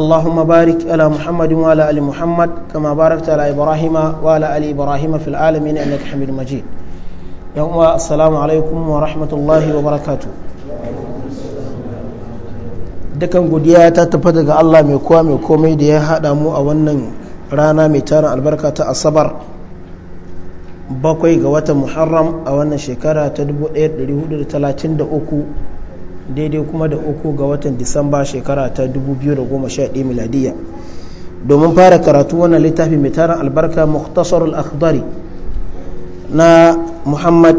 اللهم بارك على محمد وعلى ال محمد كما باركت على ابراهيم وعلى ال ابراهيم في العالمين انك حميد مجيد يوم السلام عليكم ورحمه الله وبركاته dukan godiya ta tafi daga Allah mai kowa mai komai da ya haɗa mu a wannan rana mai tarin albarka ta asabar bakwai ga watan muharram a wannan shekara ta 1433 daidai kuma da uku ga watan disamba shekara ta 2011 miladiyya domin fara karatu wannan littafi mai tarin albarka muktasarul akhdari na muhammad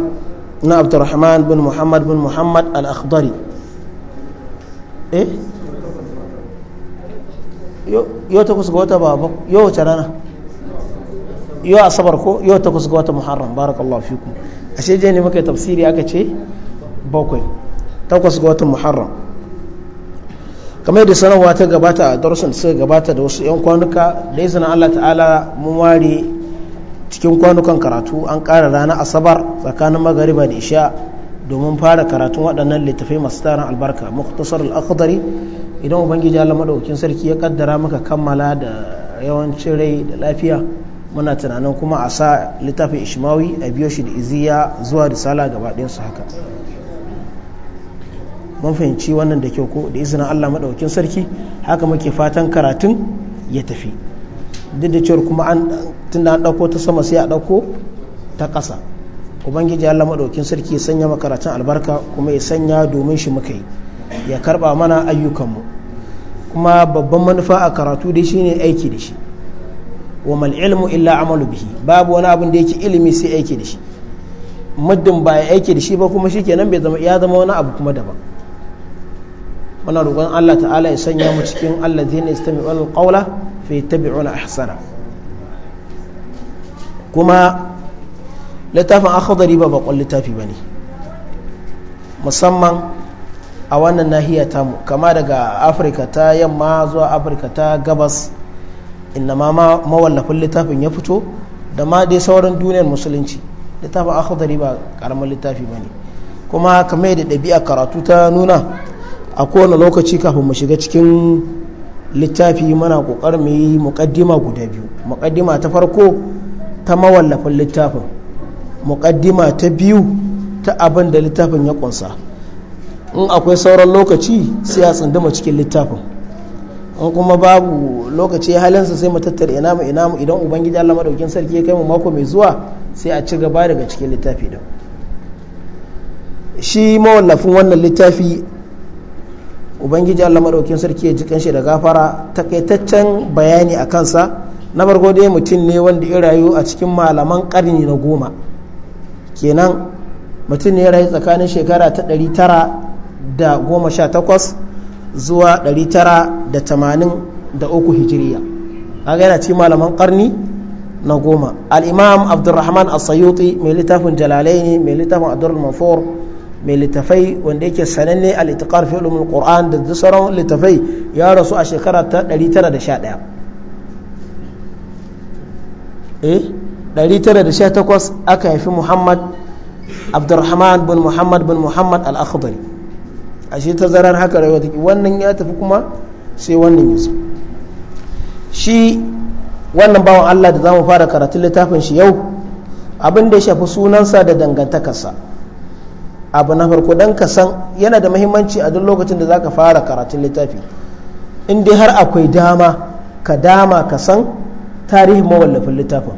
na abdurrahman bin muhammad bin muhammad al-akhdari eh yau asabar ko yau takwas ga wata muharram barakallahu fikum ashe je ne muka tafsiri aka ce bakwai takwas ga watan muharram kamar da sanarwa ta gabata a darussan suka gabata da wasu 'yan kwanuka da izinin allah ta'ala mun ware cikin kwanukan karatu an kara rana asabar tsakanin magariba da isha domin fara karatun waɗannan littafai masu tarin albarka muktasar al'akhdari idan ubangiji allah maɗaukin sarki ya kaddara maka kammala da yawancin rai da lafiya muna tunanin kuma a sa littafin ishmawi a biyo shi da iziya zuwa risala gaba haka mun fahimci wannan da kyau ko da izinin Allah maɗaukin sarki haka muke fatan karatun ya tafi duk da cewar kuma an tunda an ɗauko ta sama sai a ɗauko ta ƙasa ubangiji Allah maɗaukin sarki ya sanya makaratun albarka kuma ya sanya domin shi muka yi ya karɓa mana ayyukanmu kuma babban manufa a karatu dai ne aiki da shi wa mal ilmu illa amalu bihi babu wani abin da yake ilimi sai aiki da shi muddin ba ya aiki da shi ba kuma shi kenan bai zama ya zama wani abu kuma daban muna roƙon Allah ta'ala ya sanya mu cikin Allah zai istami'una alqawla fa yattabi'una hasara kuma littafin akhdari ba bakon littafi ne musamman a wannan nahiya mu kama daga afirka ta yamma zuwa afirka ta gabas inna ma mawallafin littafin ya fito da ma dai sauran duniyar musulunci littafin akhdari ba karamin littafi ba ne kuma kamar da ɗabi'a karatu ta nuna a kowane lokaci kafin mu shiga cikin littafi mana kokarin mu yi guda biyu muƙaddima ta farko ta mawallafin littafin muƙaddima ta biyu ta abin da littafin ya ƙunsa in akwai sauran lokaci sai a tsindima cikin littafin in kuma babu lokaci halinsa sai mu tattara ina mu ina mu idan ubangiji Allah madaukin sarki ya kai mu mako mai zuwa sai a ci gaba daga cikin littafi ɗin shi mawallafin wannan littafi ubangiji allah maɗaukin sarki ya ji kanshi da gafara takaitaccen bayani a kansa na farko dai mutum ne wanda ya rayu a cikin malaman ƙarni na goma kenan mutum ne ya rayu tsakanin shekara ta 918 zuwa 983 hijiriya kaga yana cikin malaman ƙarni na goma al'imam abdurrahman asayuti mai littafin jalalaini mai littafin adurul manfor mai littafai wanda yake sananne a littafar ƙoran da sauran littafai ya rasu a shekara ta eh aka haifi muhammad abdurrahman bin muhammad bin muhammad a shi haka rayuwa take wannan ya tafi kuma sai wannan shi wannan bawan Allah da zamu fara karatun littafin shi yau abin da ya shafi sunansa da dangantakarsa abu na farko dan ka san yana da muhimmanci a duk lokacin da zaka fara karatun littafi in dai har akwai dama ka dama ka san tarihin mawallafin littafin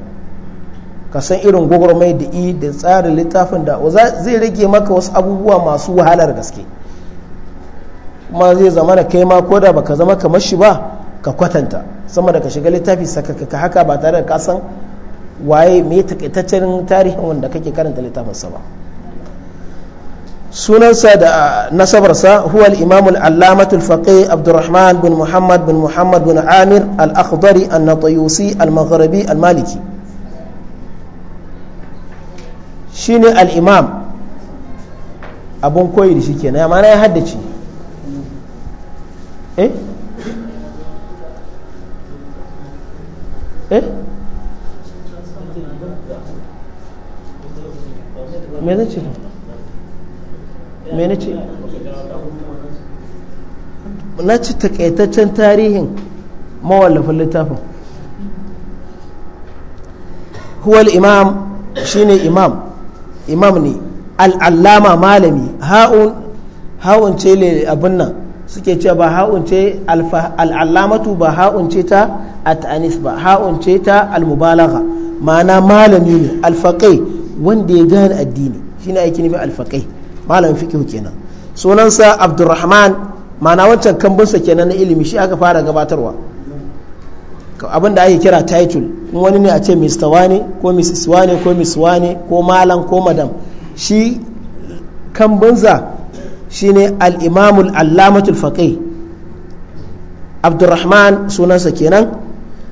ka san irin gwagwarmai da i da tsarin littafin da zai rage maka wasu abubuwa masu wahalar gaske kuma zai zama na kai ma ko da baka zama kamar shi ba ka kwatanta sama da ka shiga littafi sakaka haka ba tare da ka san waye me takaitaccen tarihin wanda kake karanta littafinsa ba sunansa da nasabarsa huwa al imamul al faqih abdurrahman bin muhammad bin muhammad bin amir al-akhdari an-natayusi al-maghribi al-maliki shine al-imam abun koyi da shi kenan amma na ya haddace eh eh me ce me na ce na ci takaitaccen tarihin mawallafin littafin huwal imam shine imam imam ne al'allama malami ha'un ce abin nan suke cewa ba ha'un ce al'alamatu ba ha'un ce ta at'anis ba ha'un ce ta almubalagha ma'ana malami ne alfaƙai wanda ya gane addini ne ake nufi alfakai malamin fiqh kenan sunansa abdurrahman ma'ana wancan kambinsa kenan na ilimi shi aka fara gabatarwa abin da ake kira title in wani ne a ce mr wani ko mrs wani ko miss wani ko malam ko madam shi kambinsa shine ne al'imamul allamatul faƙai abdurrahman sunansa kenan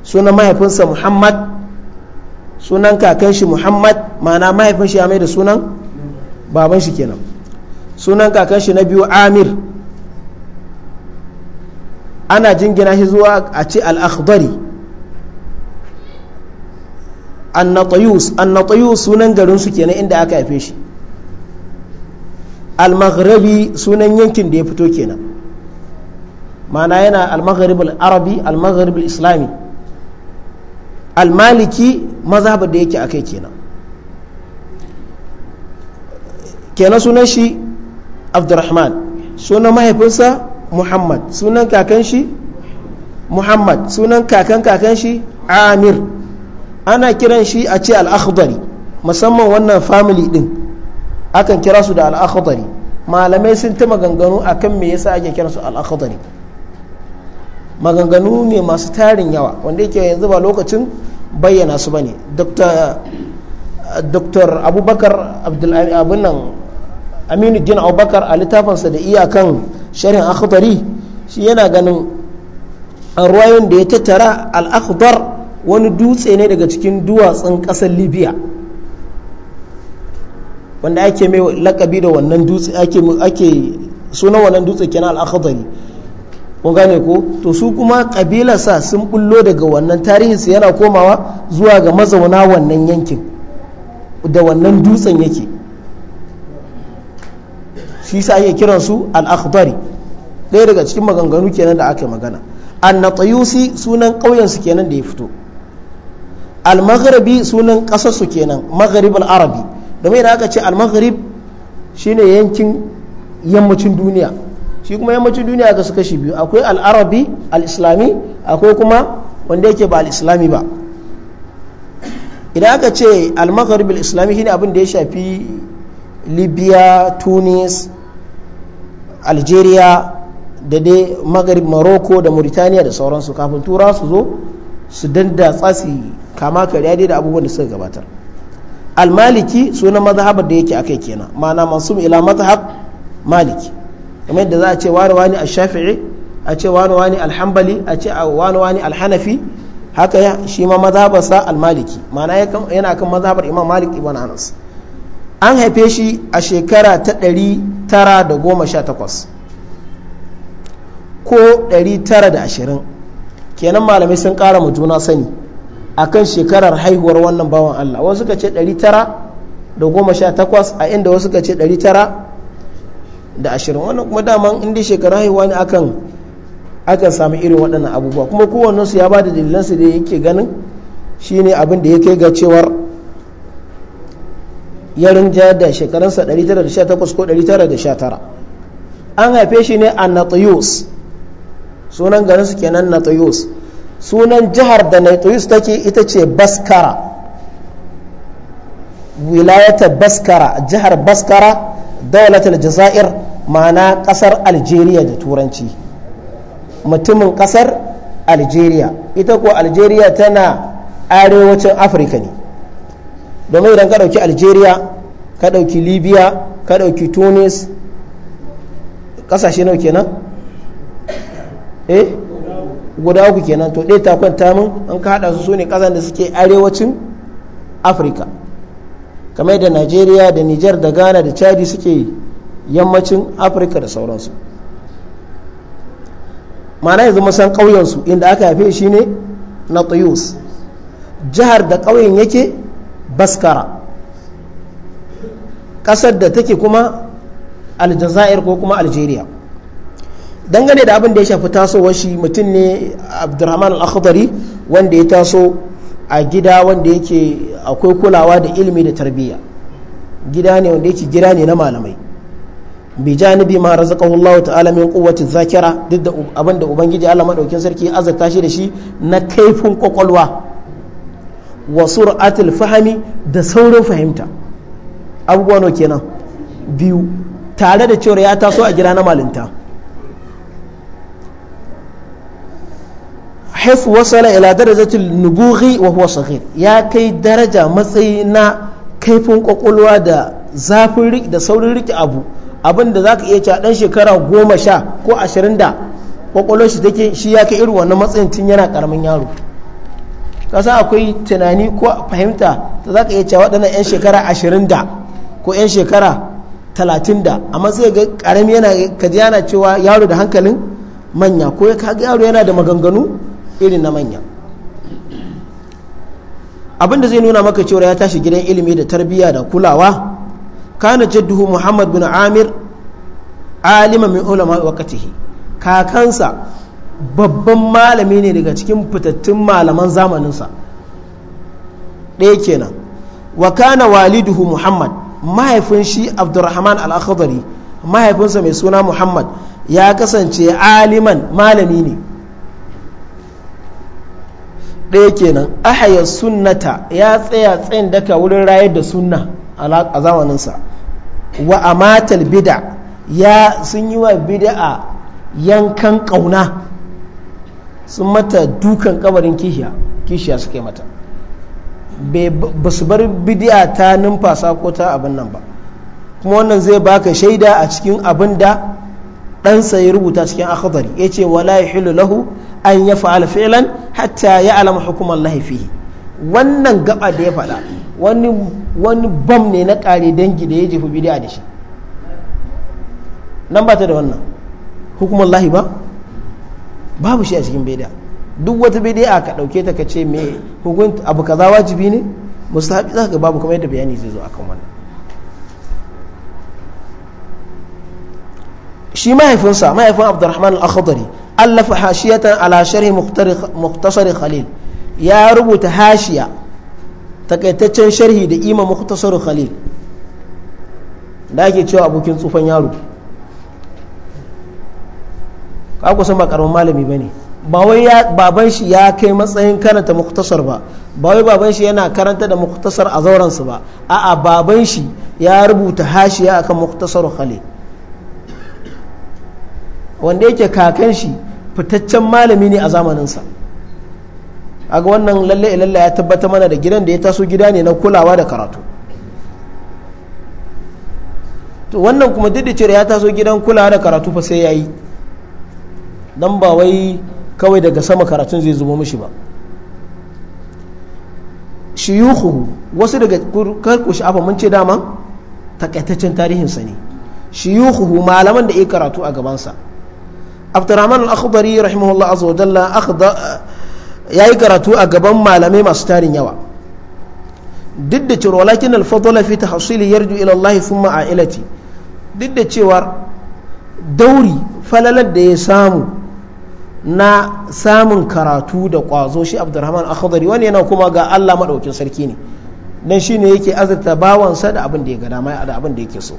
sunan mahaifinsa muhammad sunan kakan shi muhammad ma'ana mahaifin shi ya mai da sunan baban shi kenan sunan kakan shi na biyu amir ana jingina shi zuwa a ce al’akhdari an na sunan garin su kenan inda aka haife shi al sunan yankin da ya fito kenan ma'ana yana al-maghrib arabi al islami almaliki maliki da yake akai kenan kenan sunan shi abdurrahman sunan mahaifinsa muhammad sunan kakan shi muhammad sunan kakan kakan shi amir ana kiran shi a ce al-akhdari musamman wannan family din akan kira su da al malamai sun ta maganganu akan me yasa ake kira su al maganganu ne masu tarin yawa wanda yake yanzu ba lokacin bayyana su ba ne dr abubakar abin aminu jin abubakar a littafinsa da iyakan shirin akhdari shi yana ganin ruwayon da ya tattara al wani dutse ne daga cikin duwatsun ƙasar libya wanda ake mai lakabi da wannan dutse ake ake sunan wannan dutse kenan al-akhdari kun gane ko to su kuma kabilarsa sun bullo daga wannan tarihinsu yana komawa zuwa ga mazauna wannan yankin da wannan dutsen yake shi sa ake kiran su al daga cikin maganganu kenan da aka magana annatayusi sunan su kenan da ya fito al-maghribi sunan ƙasarsu kenan maghribul arabi domin idan aka ce al-maghrib shine yankin yammacin duniya shi kuma yammacin duniya ga su kashi biyu akwai al-arabi al-islami akwai kuma wanda yake ba al-islami ba idan aka ce al-maghrib al-islami shine abin da ya shafi libya tunis algeria da dai maghrib morocco da mauritania da sauransu kafin tura su zo su danda tsasi kama kariya dai da abubuwan da suka gabatar almaliki sunan mazhabar da yake akai kenan ma'ana mansub ila mazhab maliki kamar yadda za a ce wani wani al-shafi'i a ce wani wani al-hanbali a ce wani wani al-hanafi haka ya shi ma mazhabar sa al-maliki ma'ana yana kan mazhabar imam malik ibn anas an haife shi a shekara ta 918 ko 920 kenan malamai sun kara mu juna sani akan shekarar haihuwar wannan bawan Allah wasu suka ce 918 a inda wasu suka ce 920 wannan kuma daman inda shekarar haihuwa ne akan akan samu irin waɗannan abubuwa kuma kowannensu ya ba da dalilansu da yake ganin shine abin da ya kai ga cewar ya rinja da shekarunsa 918 ko 919 an haife shi ne a natayus sunan garinsu kenan natayus sunan jihar da naitoyus take ita ce baskara wilayatar baskara jihar baskara daulatar jazair ma'ana kasar algeria da turanci mutumin kasar algeria ita ko algeria tana arewacin afirka ne domin idan ka ɗauki algeria ka ɗauki libya ka ɗauki tunis ƙasashe nau kenan eh guda uku kenan to ɗaya ta kwanta min an ka haɗa su su ne ƙasar da suke arewacin afirka kamar da najeriya da nijar da ghana da chadi suke yammacin afirka da sauransu mana yanzu masan ƙauyensu inda aka haife shi ne na tuyus jihar da ƙauyen yake baskara ƙasar da take kuma aljazair ko kuma aljeriya. dangane da abin da ya shafi tasowar shi mutum ne abdurrahman al-akhdari wanda ya taso a gida wanda yake akwai kulawa da ilimi da tarbiyya gida ne wanda yake gida ne na malamai bi janibi ma razaqahu Allah ta'ala min quwwati zakira duk da abin da ubangiji Allah madaukin sarki azurta shi da shi na kaifin kwakwalwa wa sur'atil fahmi da saurin fahimta abubuwa kenan biyu tare da cewa ya taso a gida na malinta حيث وصل إلى درجة النبوغ وهو ya kai daraja matsayi na kaifin قولوا da zafin rik da saurin rike abu abin da zaka iya cewa dan shekara goma sha ko ashirin da kwakwalwar shi take shi ya kai irin wannan matsayin tun yana karamin yaro kasa akwai tunani ko fahimta da zaka iya cewa waɗannan 'yan shekara ashirin da ko 'yan shekara talatin da amma sai ga karami yana kaji yana cewa yaro da hankalin manya ko ya kaga yaro yana da maganganu irin na manya abin da zai nuna maka cewa ya tashi gidan ilimi da tarbiyya da kulawa kana jadduhu muhammad bin amir alima min ulama wakatihi kakansa babban malami ne daga cikin fitattun malaman zamaninsa ɗaya kenan wa kana waliduhu muhammad mahaifin shi abdurrahman al mahaifinsa mai suna muhammad ya kasance aliman malami ne ɗaya kenan ahaya sunnata ya tsaya tsayin daka wurin rayar da sunna a zamaninsa wa amatal bid'a ya sun yi wa bid'a yankan ƙauna sun mata dukan kabarin kishiya kishiya suke mata ba su bar bid'a ta numfasa ko ta abin nan ba kuma wannan zai baka shaida a cikin abin da ɗansa ya rubuta cikin akhdari ya ce wala ya lahu an ya fa'ala fi'lan hatta ya alama hukumar lahifi wannan gaba da ya faɗa wani bam ne na ƙare dangi da ya jefa bidiya da shi nan ba ta da wannan hukumar lahi ba babu shi a cikin bidiya duk wata bidiya ka ɗauke ta ka ce me hukunta abu kaza wajibi ne mustahabi za ka babu kamar yadda bayani zai zo akan wannan shi mahaifinsa mahaifin abdurrahman al-akhdari allafa hashiyatan ala sharhi muktasar khalil ya rubuta hashiya takaitaccen sharhi da ima muktasar khalil da ake cewa abokin tsufan yaro ka kusa ba karamin malami ba ne baban shi ya kai matsayin karanta muktasar ba bawai baban shi yana karanta da muktasar a zauransu ba a'a baban shi ya rubuta hashiya akan muktasar khalil wanda yake kakan shi fitaccen malami ne a zamaninsa aga wannan lalle lalle ya tabbata mana da gidan da ya taso gida ne na kulawa da karatu to wannan kuma duk da cewa ya taso gidan kulawa da karatu fa sai yayi dan ba wai kawai daga sama karatun zai zubo mishi ba shiyuhu wasu daga karku sha'afa mun ce dama takaitaccen sa ne shiyuhu malaman da ya karatu a gabansa abdurrahman al-akhbari rahimahullah azza wajalla ya yi karatu a gaban malamai masu tarin yawa duk da cewa walakin al-fadla fi tahsili yarju ila Allah thumma ailati duk da cewa dauri falalar da ya samu na samun karatu da kwazo shi abdurrahman al-akhbari wani yana kuma ga Allah madaukin sarki ne dan shine yake azurta bawansa da abin da ya ga dama da abin da yake so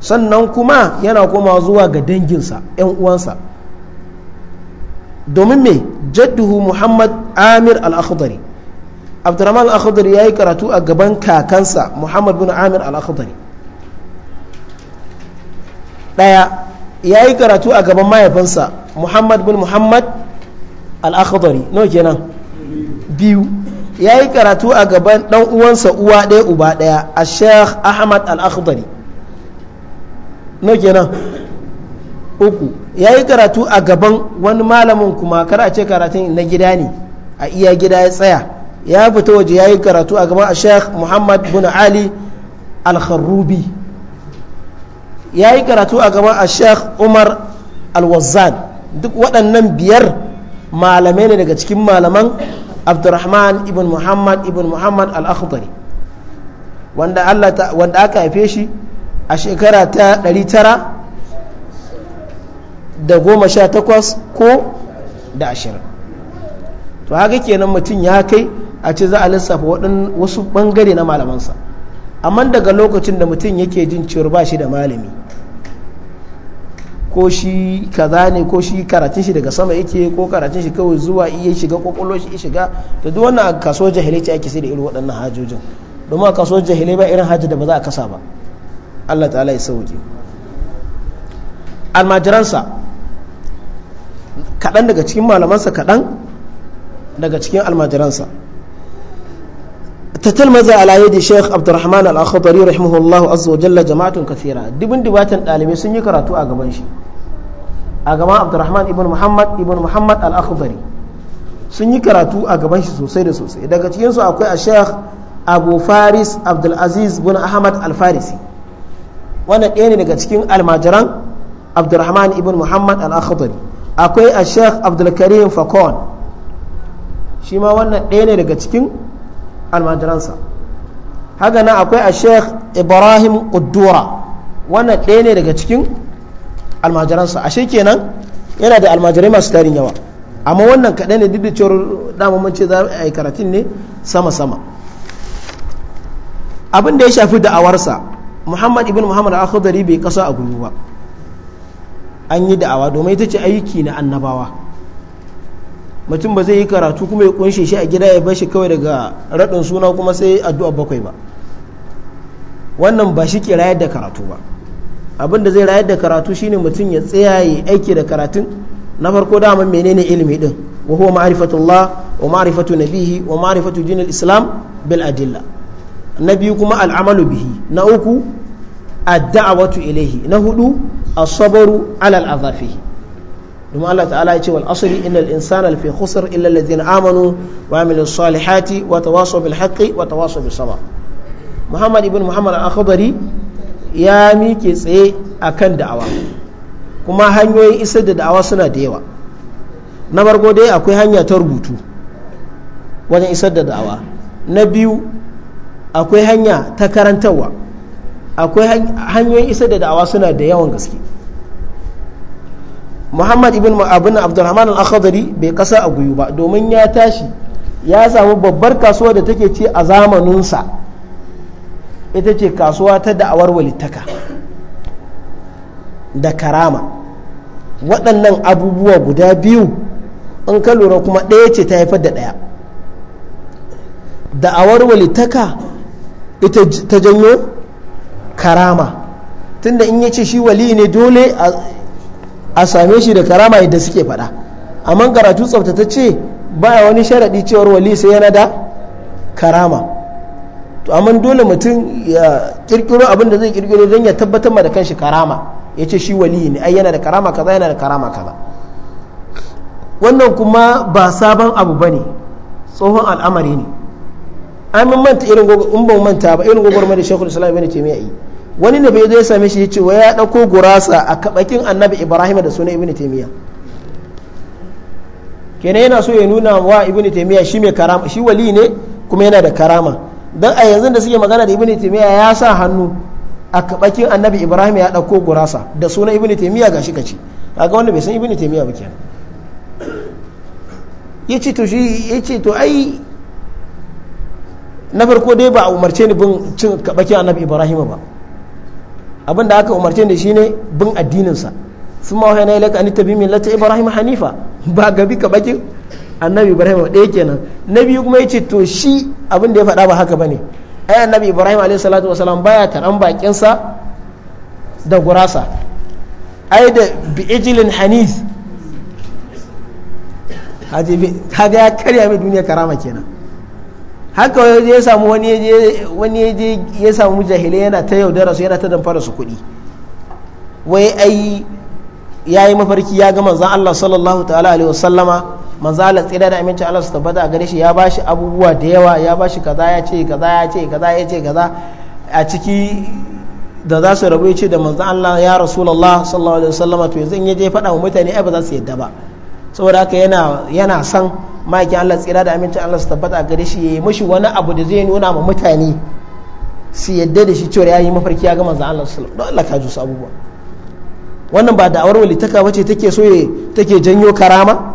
sannan kuma yana koma zuwa ga danginsa 'yan uwansa domin me jadduhu muhammad amir al-akhdari abdurrahman al-akhdari yayi karatu a gaban kakansa muhammad bin amir al-akhdari daya yayi karatu a gaban mahaifinsa muhammad bin muhammad al-akhdari no kenan biyu yayi karatu a gaban dan uwansa uwa ɗaya uba ɗaya a sheikh ahmad al-akhdari no kenan uku ya yi karatu a gaban wani malamin kuma kar a ce karatun na gida ne a iya gida ya tsaya ya fita waje ya yi karatu a gaban sheikh muhammad bin ali al kharubi ya yi karatu a gaban sheikh umar al wazan duk waɗannan biyar malamai ne daga cikin malaman abdurrahman ibn muhammad ibn muhammad al-akhdari wanda aka haife shi a shekara ta 900 da goma sha takwas ko da ashirin to haka kenan mutum ya kai a ce za a lissafa wasu bangare na malamansa amma daga lokacin da mutum yake jin cewar ba shi da malami ko shi kaza ne ko shi karatun shi daga sama yake ko karatun shi kawai zuwa iya shiga kwakwalwar shi shiga da duk wannan a kaso jahilai ce ake sai da irin waɗannan hajojin domin a kaso jahilai ba irin hajji da ba za a kasa ba Allah ta'ala ya sauke almajiransa kaɗan daga cikin malamansa kaɗan daga cikin almajiransa maza على يد sheikh عبد الرحمن الأخضري رحمه الله عز وجل jama'atun كثيرة dubin dubatan dalibai sun yi karatu a gaban shi a gaban abdurrahman ibn muhammad ibn muhammad al-akhbari sun yi karatu a gaban shi sosai da sosai daga cikinsu akwai a sheikh abu faris abdulaziz bin ahmad al-farisi wannan ɗaya ne daga cikin almajiran abdurrahman ibn muhammad al-akhbari akwai a sheikh abdulkarim fakon shi ma wannan ɗaya ne daga cikin almajiransa haka nan akwai a sheikh ibrahim ƙuddura wannan ɗaya ne daga cikin almajiransa ashe kenan yana da almajirai masu tarin yawa amma wannan kaɗai ne duk da cewar damamin ce za a yi karatun ne sama-sama abin da ya shafi da'awarsa muhammad ibn muhammad al akhudari bai kasa a gulu ba an yi da'awa domin ita ce aiki na annabawa mutum ba zai yi karatu kuma ya kunshe shi a gida ya bar kawai daga raɗin suna kuma sai addu'a bakwai ba wannan ba shi ke rayar da karatu ba abin da zai rayar da karatu shine mutum ya tsaya ya aiki da karatun na farko daman menene ilimi din wa huwa ma'rifatullah wa ma'rifatu nabihi wa ma'rifatu dinil islam bil adilla na biyu kuma al'amalu bihi na uku ad-da'watu ilayhi na hudu as alal ala al-azafi domin Allah ta'ala ya ce wal asali innal insana lafi khusr illa alladhina amanu wa amilus salihati wa tawasaw bil haqqi wa tawasaw bis sabr Muhammad ibn Muhammad al-Akhdari ya miƙe tsaye akan da'awa kuma hanyoyin isar da da'awa suna da yawa na farko dai akwai hanya ta rubutu wajen isar da da'awa na biyu akwai hanya ta karantarwa akwai hanyoyin isar da da'awa suna da yawan gaske muhammad ibn abin abdulrahman al akhadari bai kasa a guyu ba domin ya tashi ya samu babbar kasuwa da take ce a zamaninsa ita ce kasuwa ta da'awar walittaka da karama waɗannan abubuwa guda biyu in ka lura kuma ɗaya ce ta haifar da ɗaya da'awar walittaka ita ta janyo karama tunda in ya ce shi wali ne dole a same shi da karama yadda suke faɗa amma karatu ta tsaftatacce baya wani sharaɗi cewar wali sai yana da karama to amma dole mutum ya kirkiro abin da zai kirkiro don ya tabbatar ma da kanshi karama ya ce shi wali ne ai yana da karama kaza yana da karama kaza wannan kuma ba sabon abu bane tsohon al'amari ne an manta irin in ban manta ba irin gogor da shekul islam ibn taymiya wani na bai zo ya same shi ya ce wa ya dauko gurasa a kabakin annabi ibrahim da sunan ibn taymiya kenan yana so ya nuna wa ibn taymiya shi mai karama shi wali ne kuma yana da karama dan a yanzu da suke magana da ibn taymiya ya sa hannu a kabakin annabi ibrahim ya dauko gurasa da sunan ibn taymiya gashi kace kaga wanda bai san ibn taymiya ba kenan yace to shi yace to ai na farko dai ba a umarce ni bin cin kabakin annabi ibrahim ba abin da aka umarce ni shine bin addininsa sun ma wahana ilaka ni tabi min lata ibrahim hanifa ba gabi ka annabi ibrahim ɗaya kenan na biyu kuma yace to shi abin da ya faɗa ba haka bane ai annabi ibrahim alaihi salatu wasalam baya taran bakinsa da gurasa ai da bi'ijilin hanif kaga ya karya mai duniya karama kenan haka ya samu wani ya je ya samu jahilai yana ta yaudara su yana ta damfara su kuɗi wai ai ya yi mafarki ya ga manzan Allah sallallahu ta'ala alaihi wasallama manzan Allah tsira da amincin Allah su tabbata a gare shi ya bashi abubuwa da yawa ya bashi kaza ya ce kaza ya ce kaza ya ce kaza a ciki da za su rabu ya ce da manzan Allah ya rasulullah sallallahu alaihi wasallama to yanzu in ya je faɗa wa mutane ai ba za su yadda ba saboda haka yana yana san ma'aikin Allah tsira da amincin Allah su tabbata gare shi ya yi mashi wani abu da zai nuna ma mutane su yadda da shi cewa yi mafarki ya ga manzon Allah su alaihi Allah ka ji su abubuwa wannan ba da'awar walitaka bace take so take janyo karama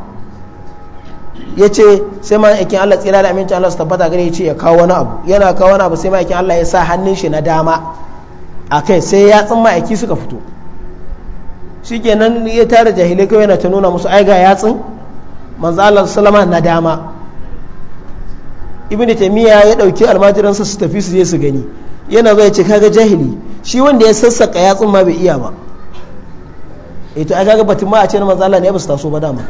ya ce sai ma'aikin Allah tsira da amincin Allah su tabbata gare shi ya kawo wani abu yana kawo wani abu sai ma'aikin Allah ya sa hannun shi na dama a kai sai ya tsin ma'aiki suka fito kenan ya tara jahilai kawai yana ta nuna musu ai ga tsin manzalar salama na dama ibnu taimiyya ya dauki almajiransa su tafi su je su gani yana zai ce kaga jahili shi wanda ya sassaka yatsun ma bai iya ba eh to kaga batun ma a ce na manzala ne ba su taso ba dama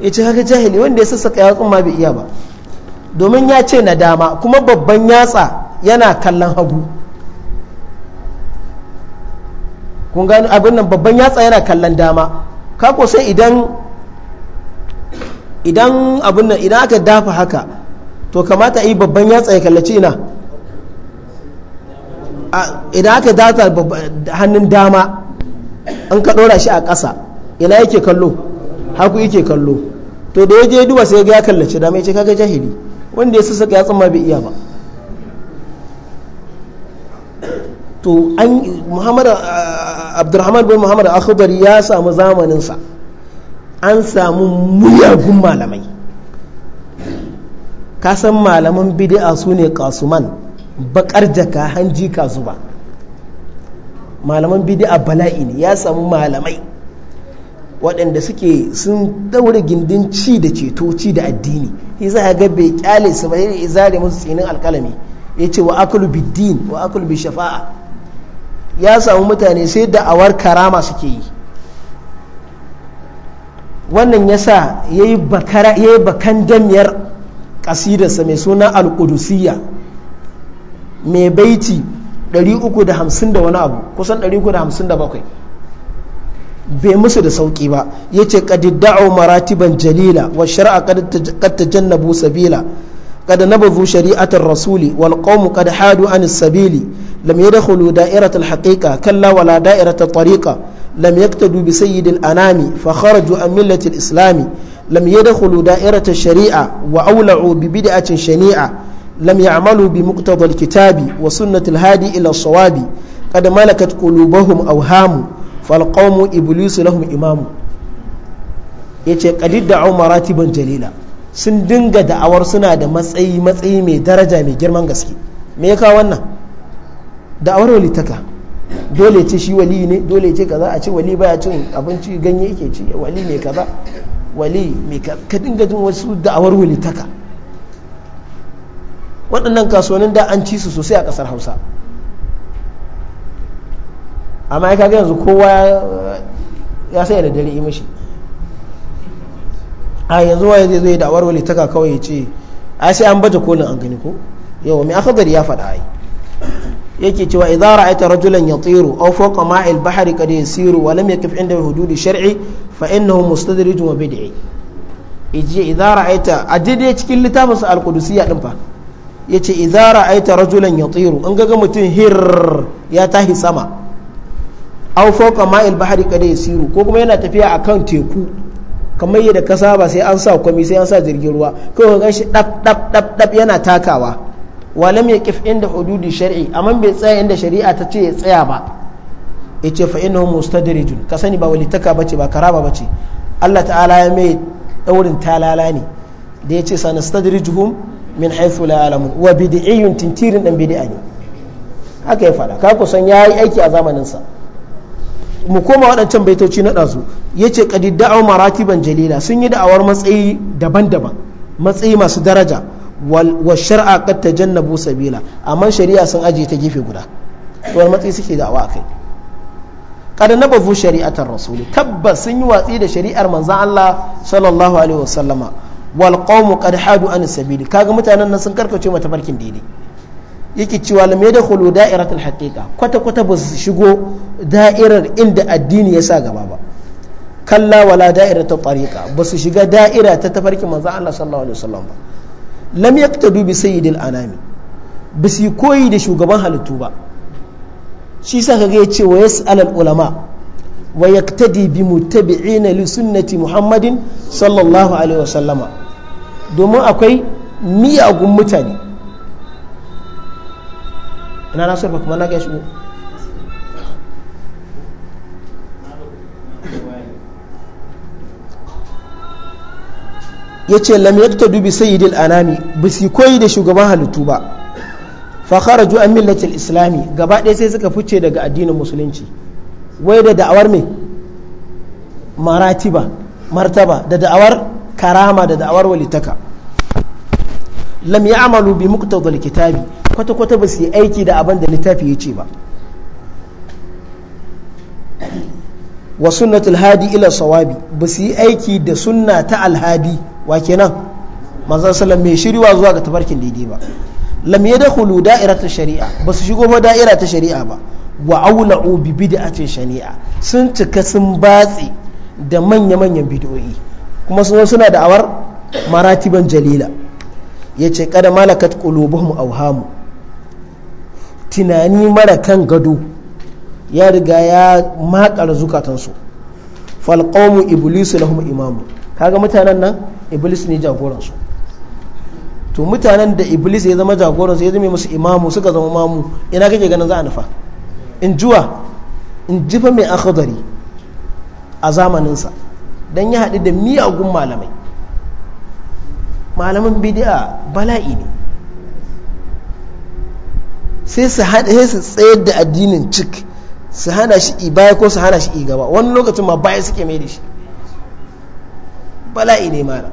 ya ce kaga jahili wanda ya sassaka yatsun ma bai iya ba domin ya ce na dama kuma babban yatsa yana kallon hagu kun gani abin nan babban yatsa yana kallon dama kako sai idan idan abin nan idan aka dafa haka to kamata yi babban yatsa ya kallaci ina idan aka data hannun dama an ka dora shi a ƙasa ina yake kallo haku yake kallo to da ya je duba sai ga ya kallaci dama ya ce kaga jahili wanda ya sassaka ya tsamma bai iya ba to an muhammadu abdurrahman bin muhammad akhdari ya samu zamaninsa an samu muyagun malamai kasan malaman bid'a su ne kasuman bakar jaka hanji zuba, malaman bid'a bala'i ne ya samu malamai waɗanda suke sun daure gindin ci da ceto ci da addini shi za ga bai kyale su ba ya zare musu tsinin alkalami ya ce wa akulu din, wa akulu bi shafa'a ya samu mutane sai da awar karama suke yi wannan ya sa ya yi bakan damiyar ƙasidarsa mai suna al-kudusiya mai baiti 350 da wani abu kusan 357 bai musu da sauƙi ba yace ce ƙadidda'o maratiban jalila wa shari'a ƙadda jannabu sabila ƙadda nabazu shari'atar rasuli wal ƙaumu ƙadda hadu anis sabili lam ya da da'iratul haƙiƙa kan lawala da'iratul tariƙa لم يقتدوا بسيد الأنام فخرجوا عن ملة الإسلام لم يدخلوا دائرة الشريعة وأولعوا ببدعة شنيعة لم يعملوا بمقتضى الكتاب وسنة الهادي إلى الصواب قد ملكت قلوبهم أوهام فالقوم إبليس لهم إمام yace kalid da maratiban jalila sun dinga da'awar suna da matsayi matsayi mai daraja mai girman gaske me ya kawo wannan da'awar walitaka dole ce shi wali ne dole ce kaza a ce wali baya cin abinci ganye yake ci wali mai kaza wali mai kaza ka dinga jin wasu da'awar walitaka waɗannan kasuwannin da an ci su sosai a ƙasar hausa amma ya kaga yanzu kowa ya sai da dare mashi a yanzu waye zai zo ya da'awar walitaka kawai ya ce a sai an baje kolin an gani ko yau mai akadari ya faɗa ai yake cewa idza ra'aita rajulan ya yatiru aw fawqa ma'il bahri kad yasiru wa lam yakif inda hududi shar'i fa innahu mustadrijun wa bid'i yace idan ra'aita a daidai cikin littafin su al din fa yace idza ra'aita rajulan ya yatiru an ga mutum hir ya tahi sama aw fawqa ma'il bahri kad yasiru ko kuma yana tafiya akan teku kamar yadda ka saba sai an sa kwami sai an sa jirgin ruwa kawai ga shi dab dab dab dab yana takawa walam ya kif inda hududi shari'i amma bai tsaya inda shari'a ta ce ya tsaya ba ya ce fa innahu mustadrijun ka sani ba walitaka bace ba karaba bace Allah ta'ala ya mai daurin talala ne da ya ce sanastadrijuhum min haythu la alamun wa bid'iyyun tintirin dan bid'a ne haka ya fada ka kusan yayi aiki a zamanin sa mu koma waɗancan baitoci na ɗazu ya ce ƙadidda'au maratiban jalila sun yi da'awar matsayi daban-daban matsayi masu daraja wa shar'a qad tajannabu sabila amma shari'a sun aje ta gefe guda wani matsayi suke da awa kai kada na bazu shari'atar rasuli tabbas sun yi watsi da shari'ar manzan Allah sallallahu alaihi wasallama wal qawmu qad hadu an sabili kaga mutanen nan sun karkace mata barkin daidai yake cewa lam yadkhulu da'iratul haqiqa kwata kwata ba su shigo da'irar inda addini ya sa gaba ba kalla wala da'iratul tariqa ba su shiga da'ira ta tafarkin manzan Allah sallallahu alaihi wasallam ba lam yaqtadu bi sayyidil anami ba koyi da shugaban halittu ba shi sa kaga yace wa yas'al ulama wa yaqtadi bi li sunnati muhammadin sallallahu alaihi wasallama domin akwai miyagun mutane kuma na ga ya ce lam yaktadu bi sayyidil anami ba su koyi da shugaban halittu ba fa kharaju an millatil islami gaba ɗaya sai suka fice daga addinin musulunci wai da da'awar me maratiba martaba da da'awar karama da da'awar walitaka lam ya'malu bi muqtadil kitabi kwata kwata ba su yi aiki da abin da littafi ya ce ba wa sunnatul hadi ila sawabi ba su yi aiki da sunna ta alhadi wa kenan manzon sallam mai shiriwa zuwa ga tabarkin daidai ba lam yadkhulu da'iratu shari'a ba su shigo ba da'ira ta shari'a ba wa aula'u bi bid'atin shari'a sun cika sun batsi da manya-manyan bid'o'i kuma sun suna da awar maratiban jalila yace kada malakat qulubuhum awhamu tunani mara kan gado ya riga ya makar zukatansu falqawmu iblisu lahum imamu kaga mutanen nan iblis ne jagoransu to mutanen da iblis ya zama jagoransu ya zama musu imamu suka zama mamu ina kake ganin za a nufa in juwa in jifa mai akhadari a zamaninsa don ya haɗu da miyagun malamai malamin bidi'a bala'i ne sai su haɗe su tsayar da addinin cik su hana shi ibaya ko su hana shi igaba wani lokacin ma baya suke mai da shi bala'i ne mana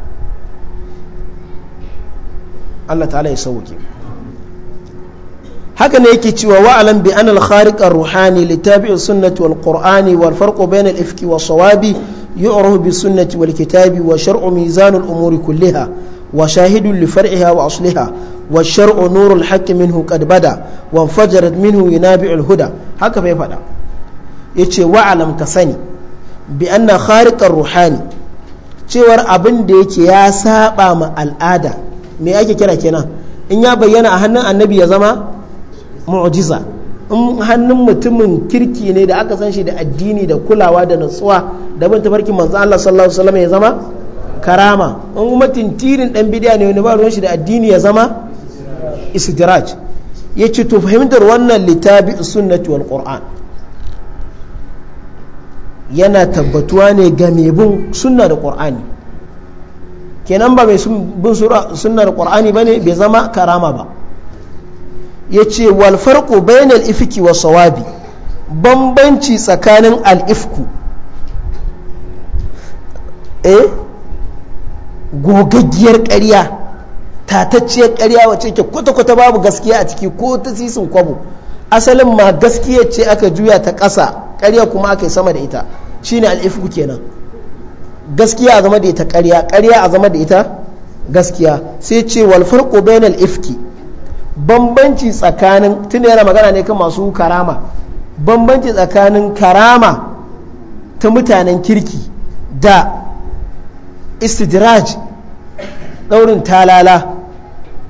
Allah ta'ala ya sauke haka ne yake cewa wa'alan bi anal khariq ruhani li tabi'i sunnati wal qur'ani wal farqu bayna al-ifki was sawabi yu'rafu bi sunnati wal kitabi wa shar'u mizan al-umuri kulliha wa shahidu li far'iha wa asliha wa shar'u nurul haqqi minhu qad bada wa fajarat minhu huda haka bai fada yace wa'alam ka sani bi anna ruhani cewar abin da yake ya saba ma al'ada me ake kira kenan in ya bayyana a hannun annabi ya zama mu'jiza in hannun mutumin kirki ne da aka san shi da addini da kulawa da nutsuwa da bin tafarkin manzo Allah sallallahu alaihi wasallam ya zama karama in kuma tirin dan bidiya ne wani ba ruwan shi da addini ya zama istidraj yace to fahimtar wannan litabi sunnati wal yana tabbatuwa ne ga mai bin sunna da ƙor'ani kenan ba mai bin sunna da ba ne bai zama karama ba yace wal walfarko bainal ifki wa sawabi bambanci tsakanin al ifku eh gogaggiyar ƙarya tatacciyar ƙarya wacce ke kwata-kwata babu gaskiya a ciki ko ta sisin kwabo asalin ma gaskiya ce aka juya ta ƙasa ƙarya kuma aka yi sama da ita shine al'ifku kenan gaskiya a zama da ita ƙarya ƙarya a zama da ita gaskiya sai ce wal farqu bainal ifki bambanci tsakanin tun yana magana ne kan masu karama bambanci tsakanin karama ta mutanen kirki da istidraj daurin talala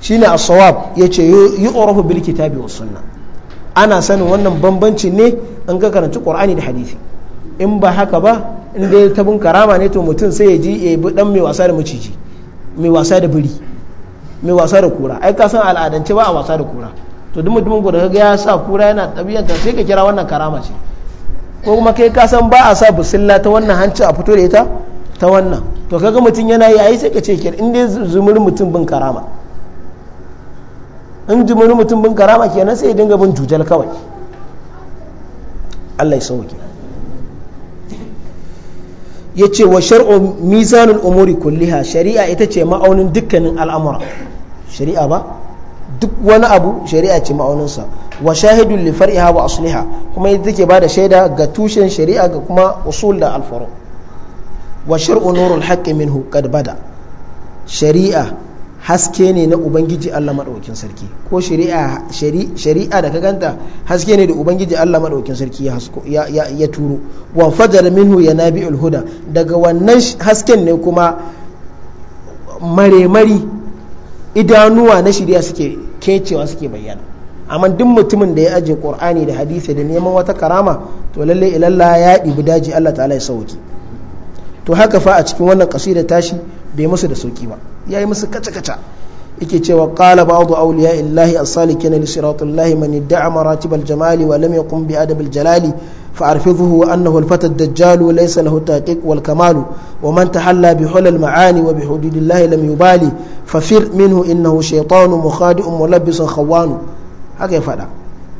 shine as-sawab yace yu'rafu bil kitabi was sunnah ana sanin wannan bambanci ne an ga karanci qur'ani da hadisi in ba haka ba in dai ta bin karama ne to mutum sai ya ji ya bi dan mai wasa da maciji mai wasa da biri mai wasa da kura ai ka san al'adance ba a wasa da kura to duk mutumin ku da kaga ya sa kura yana tabiyanta sai ka kira wannan karama ce ko kuma kai ka san ba a sa busilla ta wannan hanci a fito da ita ta wannan to kaga mutum yana yi ai sai ka ce kir in dai zumurin mutum bin karama in ji wani mutum bin karama kenan sai ya dinga bin cutar kawai Allah ya sauke ya ce wa shar'u mizanul umuri kulliha shari'a ita ce ma'aunin dukkanin al'amura shari'a ba duk wani abu shari'a ce ma'auninsa wa shahidun li far'iha wa asliha kuma ita take bada shaida ga tushen shari'a ga kuma usul da alfaru wa shar'u nurul haqqi minhu qad bada shari'a haske ne na ubangiji Allah maɗaukin sarki ko shari'a da ka ganta haske ne da ubangiji Allah maɗaukin sarki ya turo wa fajar minhu ya nabi huda daga wannan hasken ne kuma maremari idanuwa na shari'a suke kecewa suke bayyana amma duk mutumin da ya aje qur'ani da hadisi da neman wata karama to lalle ilallah ya ɗibi daji Allah ta'ala ya sauki to haka fa a cikin wannan kasida tashi bai musu da sauki ba ya yi musu kacakaca yake cewa kala ba abu auliya illahi asali kene li shiratun lahi mani da'a marati jamali wa lamya kun bi adabil jalali fa'arfifuhu wa annahu alfata dajjalu laisa lahu taqiq wal kamalu wa man tahalla bi hulal ma'ani wa bi hududillahi lam bali fafir minhu innahu shaytanu mukhadi'un mulabbisun khawanu haka ya faɗa.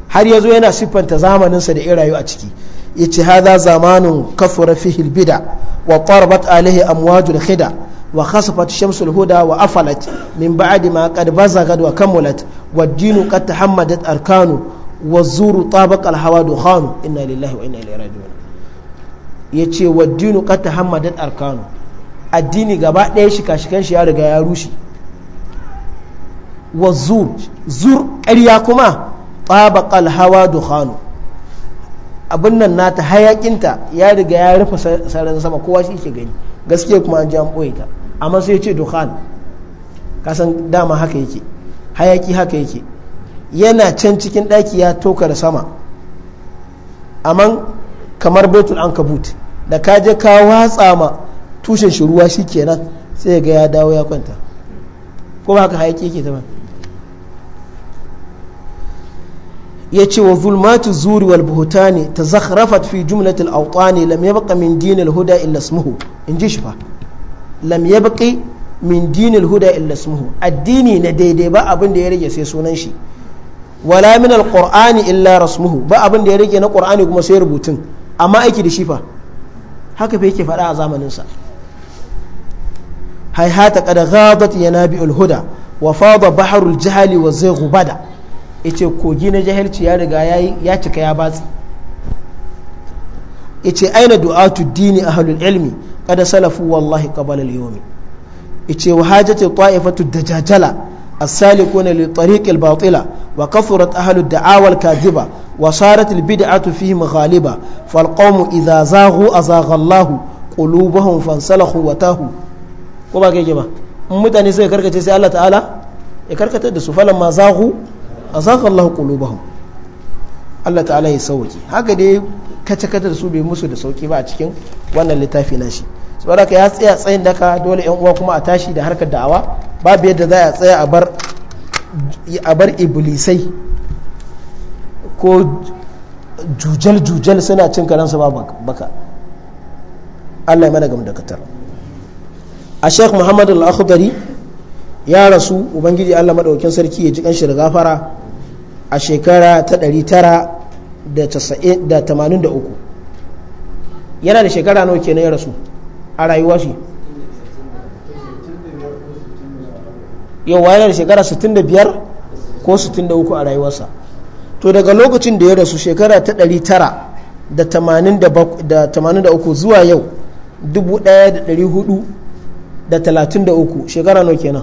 har yazo yana sifanta zamanin sa da irayu a ciki yace hada zamanin kafara fihi albida wa qarabat alaihi amwajul khida' wa khasafat shamsul huda wa afalat min ba'di ma qad bazagat wa kamulat wa dinu qad tahammadat arkanu wa zuru tabaqa al hawa yace wa dinu qad tahammadat arkanu addini gaba ɗaya shi kashikan shi ya riga ya rushe wa zur zur ƙarya kuma tabaqa al hawa dukhanu abin nan nata hayakinta ya riga ya rufe sararin sama kowa shi ke gani gaskiya kuma an ji an ɓoye ta amma sai ya ce dukhan kasan dama haka yake hayaki haka yake yana can cikin ɗaki ya toka da sama amma kamar betul an kabut da ka je ka watsa ma tushen shi ruwa shi kenan sai ga ya dawo ya kwanta ko haka hayaki yake zama ya ce wa zulmatu zuri wal buhutani ta zakhrafat fi jumlatil autani lam baka min dinil huda illa smuhu in ji shi fa lam yabqi min dinil huda illa ismuhu addini na daidai ba abin da ya rage sai sunan shi wala min alqur'ani illa rasmuhu ba abin da ya rage na qur'ani kuma sai rubutun amma aiki da shifa haka fa yake faɗa a zamanin sa hayhata qad ghadat yanabi'ul huda wa fada baharul jahali wa zaygu yace kogi na jahilci ya riga ya cika ya batsi yace aina du'atu dini ahlul ilmi kada salafu wallahi qabala al-yawmi ice wa hajatu ta'ifatu dajajala السالكون للطريق الباطلة وكثرت أهل الدعاوى الكاذبة وصارت البدعة فيهم غالبة فالقوم إذا زاغوا أزاغ الله قلوبهم فانسلخوا وتاهوا وما كي جماعة متى نسي كركة سي الله تعالى يكركة دسو فلما زاغوا أزاغ الله قلوبهم Allah ta'ala ya sauki haka dai kace kace da su bai musu da sauki ba a cikin wannan littafi na shi saboda ya tsaya tsayin daka dole yan uwa kuma a tashi da harkar da'awa babu yadda za a tsaya a bar a bar iblisai ko jujal jujal suna cin karansu ba baka Allah ya mana gamu da katar a sheikh muhammad al-akhdari ya rasu ubangiji Allah madaukin sarki ya ji kanshi shirga fara a shekara ta 900 1983 yana da shekara nawa kenan ya rasu a rayuwa shi yau yana da shekara 65 ko 63 a rayuwarsa to daga lokacin da ya rasu shekara ta 983 zuwa yau 1433 shekara nawa kenan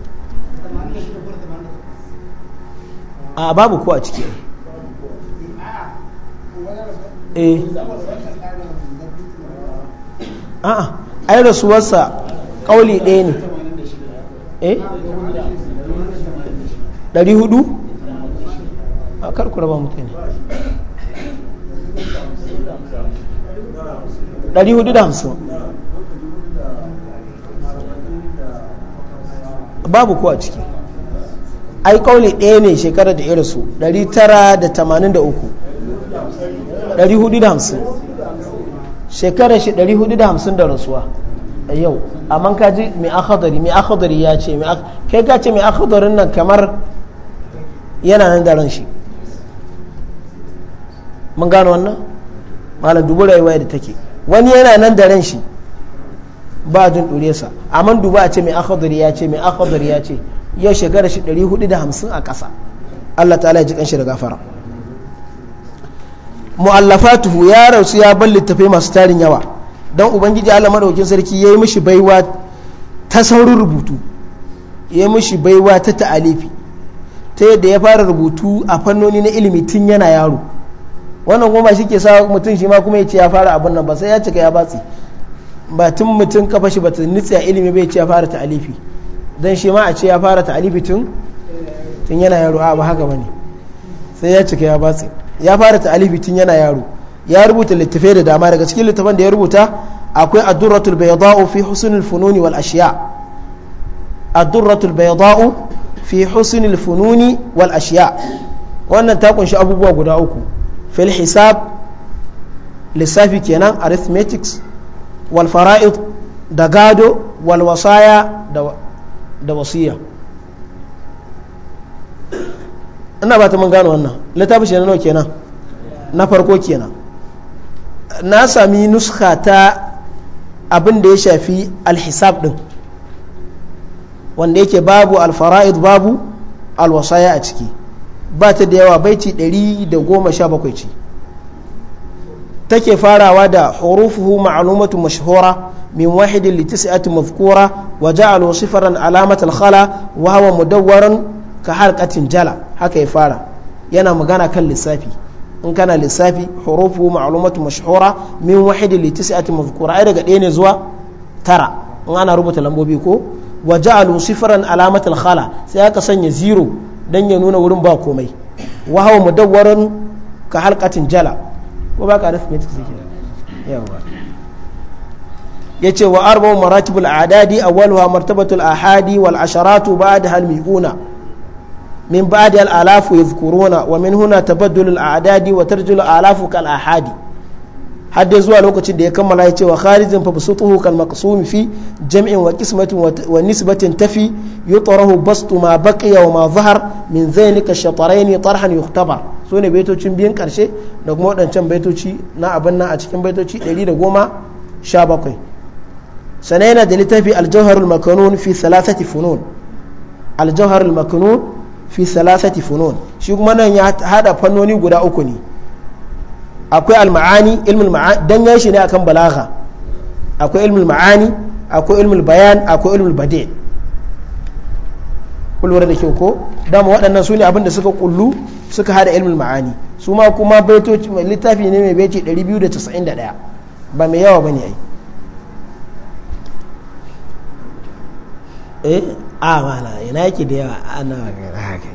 a babu ko a ciki ai eh a ai rasuwarsa kauli ɗaya ne eh ɗari hudu a karkura ba mutane ɗari hudu da hamsin babu ko a ciki ai kauli ɗaya ne shekarar da irisu 983 450 shekarar shi 450 da rasuwa yau amma ka ji mai akhadari mai akhadari ya ce kai ka ce mai akhadarin nan kamar yana nan da shi mun gano wannan malam dubu rayuwa da take wani yana nan da shi ba jin ɗure sa amma duba a ce mai akhadari ya ce mai akhadari ya ce yau da shi 450 a ƙasa Allah ta'ala ya ji kanshi da gafara mu'allafatuhu ya rasu ya bar littafai masu tarin yawa don ubangiji Allah madaukakin sarki ya yi mishi baiwa ta saurin rubutu ya yi mishi baiwa ta ta'alifi ta yadda ya fara rubutu a fannoni na ilimi tun yana yaro wannan kuma shi ke sa mutum shi ma kuma ya ce ya fara abin nan ba sai ya cika ya batsi ba tun mutum kafa shi ba ta a ilimi bai ce ya fara ta'alifi don shi ma a ce ya fara ta'alifi tun tun yana yaro a ba haka bane sai ya cika ya batsi ya fara ta'alifi tun yana yaro ya rubuta littafai da dama daga cikin littafan da ya rubuta akwai ad-durratul bayda'u fi husnul fununi wal ashiya ad bayda'u fi husnul fununi wal ashiya wannan ta kunshi abubuwa guda uku fil hisab lissafi kenan arithmetics wal fara'id da gado wal wasaya da wasiya ina ba ta mun gano wannan littafin shi na nawa kenan na farko kenan na sami nuska ta abin da ya shafi alhisab din wanda yake babu alfara'id babu alwasaya a ciki ba ta da yawa baiti 117 ce take farawa da hurufu ma'alumatu mashhura من واحد لتسعة مذكورة وجعلوا صفرا علامة الخلا وهو مدور كحركة جلا هكا يفعل ينا مغانا كان للسافي إن كان للسافي حروفه معلومة مشهورة من واحد لتسعة مذكورة أي رجل إيه زوا ترى أنا ربط لمبوبيكو وجعلوا صفرا علامة الخلا سيأكا سنة زيرو دن ينون ورن باكومي وهو مدور كحركة جلا وباك عرف ميتك زي كده يا الله yace wa arba'u maratibul a'dadi awwaluha martabatul ahadi wal asharatu ba'daha al mi'una min ba'di al alaf yadhkuruna wa min huna tabaddul al a'dadi wa tarjul al alaf kal ahadi har dai zuwa lokacin da ya kammala ya ce wa kharijin fa basutuhu kal maqsum fi jam'in wa qismatin wa nisbatin tafi yutrahu bastu ma baqiya wa ma zahar min zainika shatarain tarhan yuhtaba so ne baitocin biyan karshe da kuma wadancan baitoci na abin a cikin baitoci 117 sannan yana da littafi aljawharul makonun fi salasati funun aljawharul makonun fi salasati funun shi kuma nan ya hada fannoni guda uku ne akwai alma'ani ilmul ma'ani dan yashi ne akan balagha akwai ilmul ma'ani akwai ilmul bayan akwai ilmul bade kulwar da kyau ko dama waɗannan su ne abin da suka kullu suka hada ilmul ma'ani su ma kuma littafi ne mai baiti 291 ba mai yawa ba ne ai eh a mala ina yake da yawa ana magana haka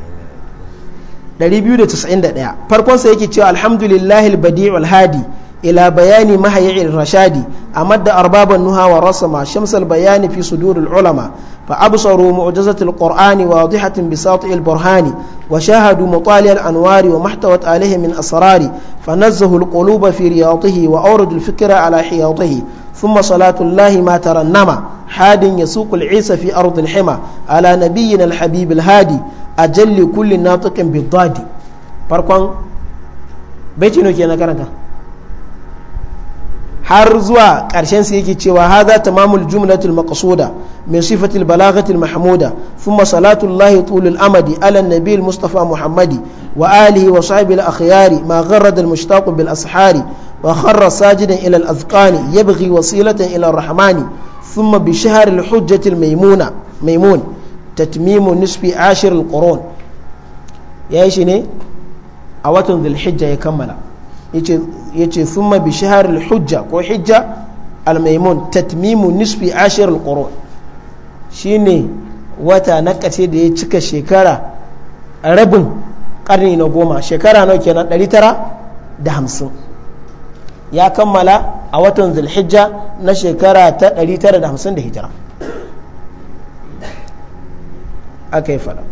291 farkon sa yake cewa alhamdulillahi albadi'ul hadi ila bayani mahayi rashadi amadda arbaban nuha wa rasama shamsal bayani fi sudurul ulama fa absaru mu'jazatil qur'ani wadihatin bi sati'il burhani wa shahadu mutali anwari wa mahtawat alayhi min asrari fanazzahu al fi riyatihi wa awradu al ala hiyatihi ثم صلاة الله ما hadin حاد يسوق العيسى fi أرض الحمى ala نبينا الحبيب الهادي أجل كل ناطق بالضاد فرقا بيتي نوكي أنا har zuwa ƙarshen su yake cewa ta mamul jumlatul maqsuda min sifatil balagatil mahmuda thumma salatu llahi tulul amadi ala nabiyil mustafa muhammadi wa alihi wa sahbihi al akhyari ma gharrada al mushtaq bil ashari wa kharra sajidan ila al azqani yabghi wasilatan ila rahmani thumma bi shahr al hujjati maymuna maymun tatmimu nisfi ashir al qurun yayi shi ne a watan dhul hijja ya kammala ya ce bi shahr al hujja ko hijja al maimun tatmimu nisfi ashir al qurun shine wata na kace da ya cika shekara rabin karni na goma shekara nawa kenan 950 ya kammala a watan zulhijja na shekara ta 950 da hijira aka yi fada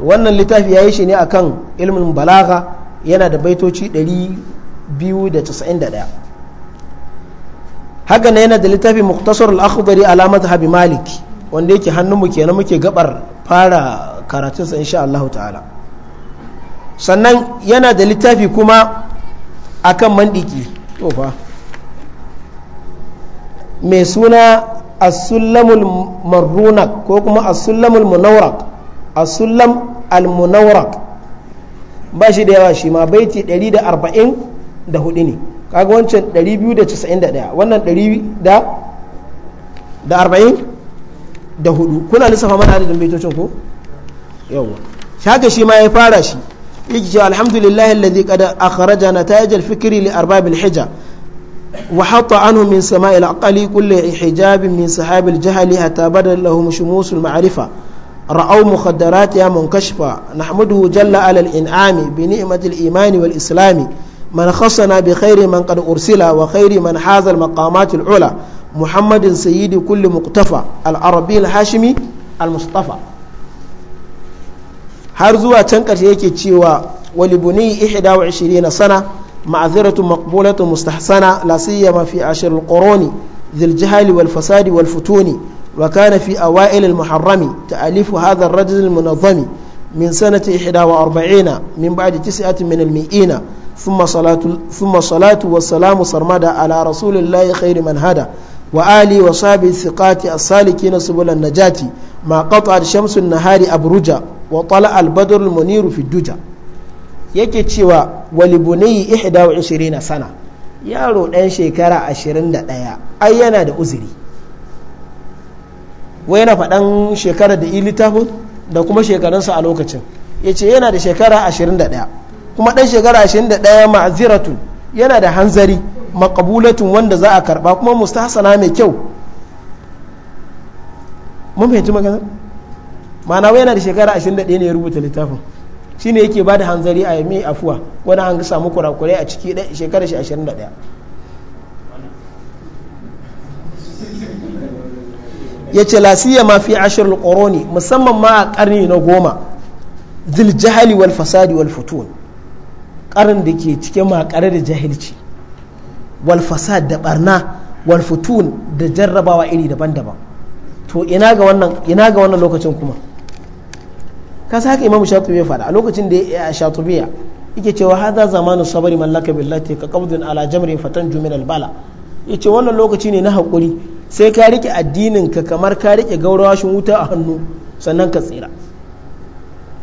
wannan littafi ya yi shi ne akan ilmin balaga yana da baitoci ɗari. 291 haka ne yana da littafin muktasar al'akubari alamata ala malik wanda yake hannunmu kenan muke gabar fara karatunsa insha Allah ta'ala sannan yana da littafi kuma akan mandiki tofa mai suna asullamul marunak ko kuma asullamul munaurak munawrak almunaurak al-munawrak ba shi da yawa shi ma baiti 140 da hudu ne kaga wancan 291 wannan 100 da da arba'in da hudu kuna lissafa mana adadin baitocin ko yawa shaka shi ma ya fara shi yake cewa alhamdulillah alladhi qad akhrajana taj al-fikri li arbabil hija wa hatta anhu min sama'i al-aqli kulli hijab min sahab al-jahl hatta badal lahum shumus al-ma'rifa رأوا مخدراتها منكشفة in'ami bi على الإنعام بنعمة الإيمان والإسلام من خصنا بخير من قد أرسل وخير من حاز المقامات العلى محمد سيد كل مقتفى العربي الهاشمي المصطفى har zuwa can ƙarshe yake cewa walibuni ihda wa ishirina sana ma'aziratu makbulatu mustahsana la fi ashir al-quruni jahali wal fasadi wal futuni wa kana fi awail muharrami ta'alifu hadha ar munazzami من سنة إحدى وأربعين من بعد تسعة من المئين ثم صلاة, ثم صلاة والسلام سرمدا على رسول الله خير من هدى وآلي وصحبه الثقات السالكين سبل النجاة ما قطعت شمس النهار أبرجا وطلع البدر المنير في الدجا yake cewa walibunai ihda wa ishirina sana yaro ɗan shekara ashirin da ɗaya ai yana da uzuri wai yana faɗan shekarar da yi littafin da kuma shekarunsa a lokacin ya ce yana da shekara 21 kuma ɗan shekara 21 ma'aziratun yana da hanzari makabulatun wanda za a karba kuma mustahsana mai kyau mun fahimci magana ma'ana wai yana da shekara 21 ne ya rubuta littafin shine yake ba da hanzari a yami afuwa wani an samu kurakurai a ciki shekara 21 ya ce lasiya ma fi ashir alquruni musamman ma a karni na goma zil jahali wal fasadi wal futun karin da ke cike makare da jahilci wal fasad da barna wal futun da jarrabawa iri daban-daban to ina ga wannan ina ga wannan lokacin kuma ka haka imamu shatubi ya faɗa a lokacin da ya shatubiya yake cewa haza zamanu sabari mallaka billati ka qabdun ala fatan jumin bala yace wannan lokaci ne na hakuri sai ka rike addinin ka kamar ka rike gaurashin wuta a hannu sannan ka tsira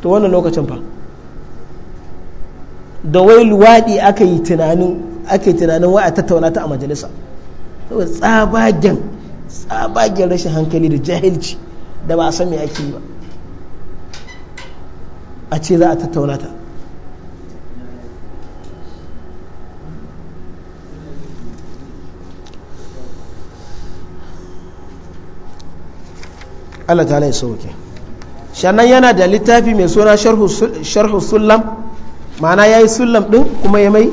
to wannan lokacin fa da wai luwaɗi aka yi tunanin aka yi tunanin wa a tattauna ta a majalisa saboda tsabagen tsabagen rashin hankali da jahilci da ba a san me ake yi ba a ce za a tattauna ta Allah ta halaye sauke shanan yana da littafi mai suna sharhu sullam ma'ana ya yi sullam ɗin kuma ya mai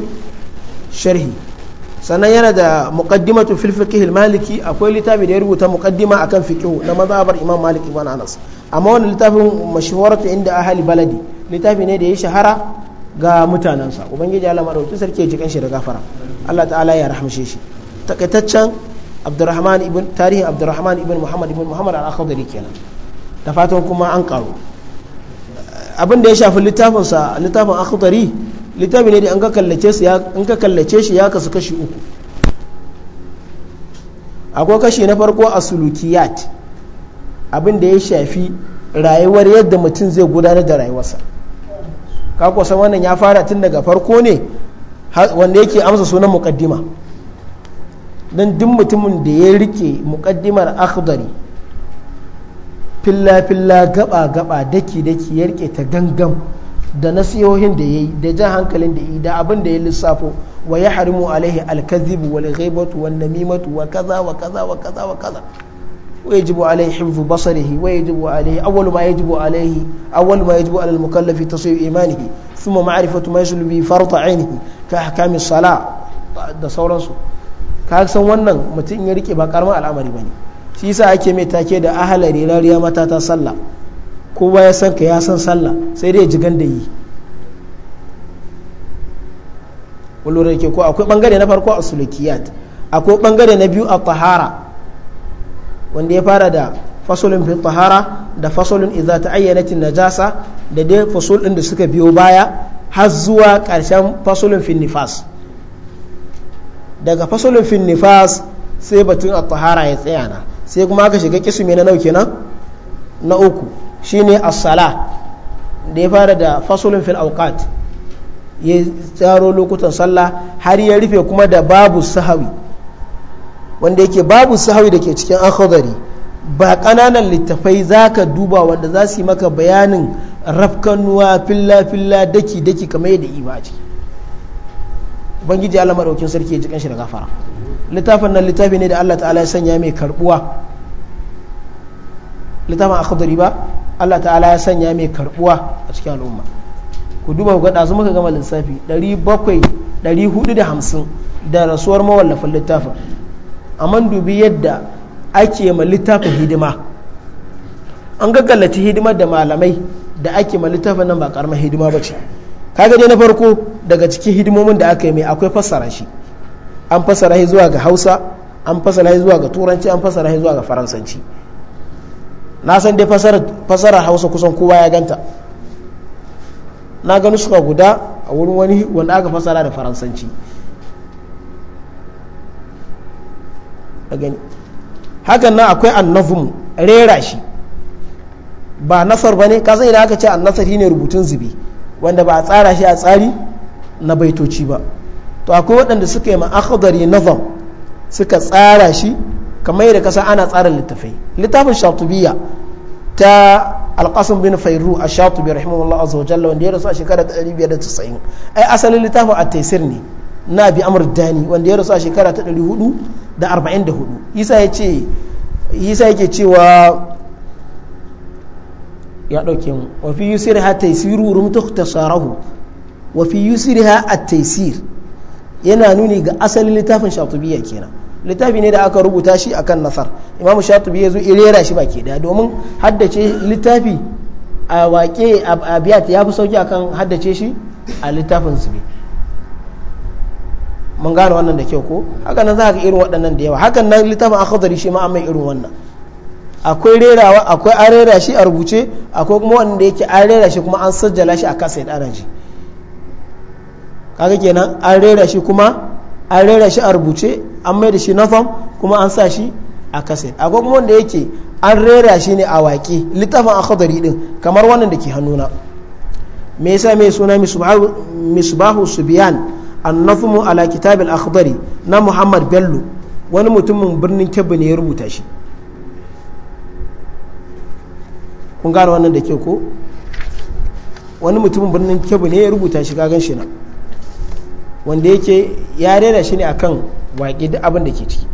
sharhi sannan yana da muƙaddimatu fil maliki akwai littafi da ya rubuta muqaddima akan fiqh na mazabar imam malik ibn anas amma wani littafin mashhuratu inda ahli baladi littafi ne da ya shahara ga mutanensa ubangiji Allah madaukakin sarki ya ji kanshi da gafara Allah ta'ala ya rahamshe shi takaitaccen abdurrahman ibn tarihin abdurrahman ibn muhammad ibn muhammad al-akhdari kenan da fatan kuma an karo abin da ya shafi littafin sa littafin akhdari littafin ne da an ka kallace shi an ka kallace shi ya kasu kashi uku akwai kashi na farko asulukiyat abin da ya shafi rayuwar yadda mutum zai gudanar da rayuwarsa ka kusa wannan ya fara tun daga farko ne wanda yake amsa sunan muqaddima don duk mutumin da ya rike muƙaddimar akhdari filla-filla gaba-gaba daki-daki ya rike ta gangan da nasihohin da ya yi da jan hankalin da yi da abin da ya lissafo wa ya harimu alaihi alkazibu wal ghaibatu wan namimatu wa kaza wa kaza wa kaza wa kaza wa yajibu alaihi hifzu basarihi wa yajibu alaihi ma yajibu alaihi ma yajibu alal mukallafi imanihi thumma ma'rifatu ma yasulu bi ainihi ka ahkamis salah da sauransu ka san wannan mutum ya rike ba karamin al'amari ba ne shi sa ake mai take da ahalari rariya mata ta sallah ba ya san ka ya san sallah sai dai jigan da yi kullum da ke ko akwai bangare na farko a sulukiyat akwai bangare na biyu a tahara wanda ya fara da fasolin fi tahara da ta idza ta'ayyanatin najasa da dai fasolin da suka biyo baya har zuwa karshen fasolin fi nifas daga fasalin fin nifas sai batun a tahara ya tsaya na sai kuma aka shiga kisumi na nauke na uku shine as-sala da ya fara da fasalin fil aukat ya tsaro lokutan sallah har ya rufe kuma da babu sahawi wanda yake babu sahawi da ke cikin akhadari ba kananan littafai za ka duba wanda za su yi maka bayanin rafkanuwa filla-filla daki-daki kamar yadda ba a ciki bangiji Allah madaukin sarki ya ji kanshi da gafara littafin nan littafi ne da Allah ta'ala ya sanya mai karbuwa littafin akhdari ba Allah ta'ala ya sanya mai karbuwa a cikin al'umma ku duba ku ga muka gama lissafi 750 da rasuwar mawallafin littafin amma dubi yadda ake ma littafin hidima an gaggallaci hidimar da malamai da ake ma littafin nan ba karamar hidima ba ce kaga dai na farko daga cikin hidimomin da aka yi mai akwai fassara shi an fassara shi zuwa ga hausa an fassara shi zuwa ga turanci an fassara shi zuwa ga faransanci na san dai fassara hausa kusan kowa ya ganta na gani suka guda a wurin wani wanda aka fassara da faransanci hakan nan akwai annafin rera shi ba nasar ba ne kasan idan aka ce annasar ne rubutun zubi wanda ba a tsara shi a tsari na baitoci ba to akwai waɗanda suka yi ma'akhdari nazam suka tsara shi kamar yadda kasa ana tsara littafai littafin shatubiya ta alƙasun bin fairu a shatubi rahimahullah azza wa jalla wanda ya rasu a shekara ta 590 ai asalin littafin a taisir ne na bi amr dani wanda ya rasu a shekara ta 444 isa ya ce isa yake cewa ya ɗauke mu wa fi yusir ha taisiru rumtu tasarahu wa fi yusriha at-taysir yana nuni ga asalin littafin ke kenan littafi ne da aka rubuta shi akan nasar imamu shatibi ya zo irera shi baki da domin haddace littafi a waƙe a biyat ya fi sauki akan haddace shi a littafin zubi mun gane wannan da kyau ko haka nan za ka irin waɗannan da yawa hakan nan littafin akhadari shi ma an mai irin wannan akwai rerawa akwai an rera shi a rubuce akwai kuma wanda yake an rera shi kuma an sajjala shi a kasa ya ɗana kaga kenan an rera shi kuma an rera shi a rubuce an mai da shi nafam kuma an sa shi a kaset akwai kuma wanda yake an rera shi ne a waƙe littafin khadari din kamar wannan da ke hannuna me yasa mai suna misbahu subiyan annafmu ala kitab al-akhdari na muhammad bello wani mutumin birnin kebbi ne ya rubuta shi kun gane wannan da ke ko wani mutumin birnin kebbi ne ya rubuta shi kagan shi na wanda yake ya rera shi ne akan waƙi duk abin da ke ciki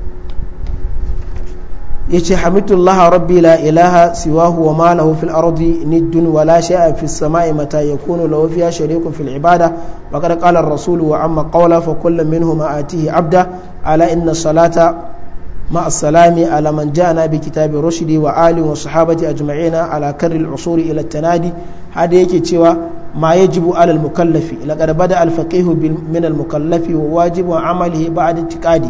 yace hamidullah rabbi la ilaha siwahu wa ma lahu fil ardi niddun wa la shay'a fis samai mata yakunu lahu fiha sharikun fil ibada wa qad qala ar-rasul wa amma qawla fa kullu minhum atihi abda ala inna salata مع السلام على من جاءنا بكتاب الرشد وآل وصحابة أجمعين على كر العصور إلى التنادي هذا يكي تشوى ما يجب على المكلف لقد بدا الفقيه من المكلف وواجب عمله بعد اعتقادي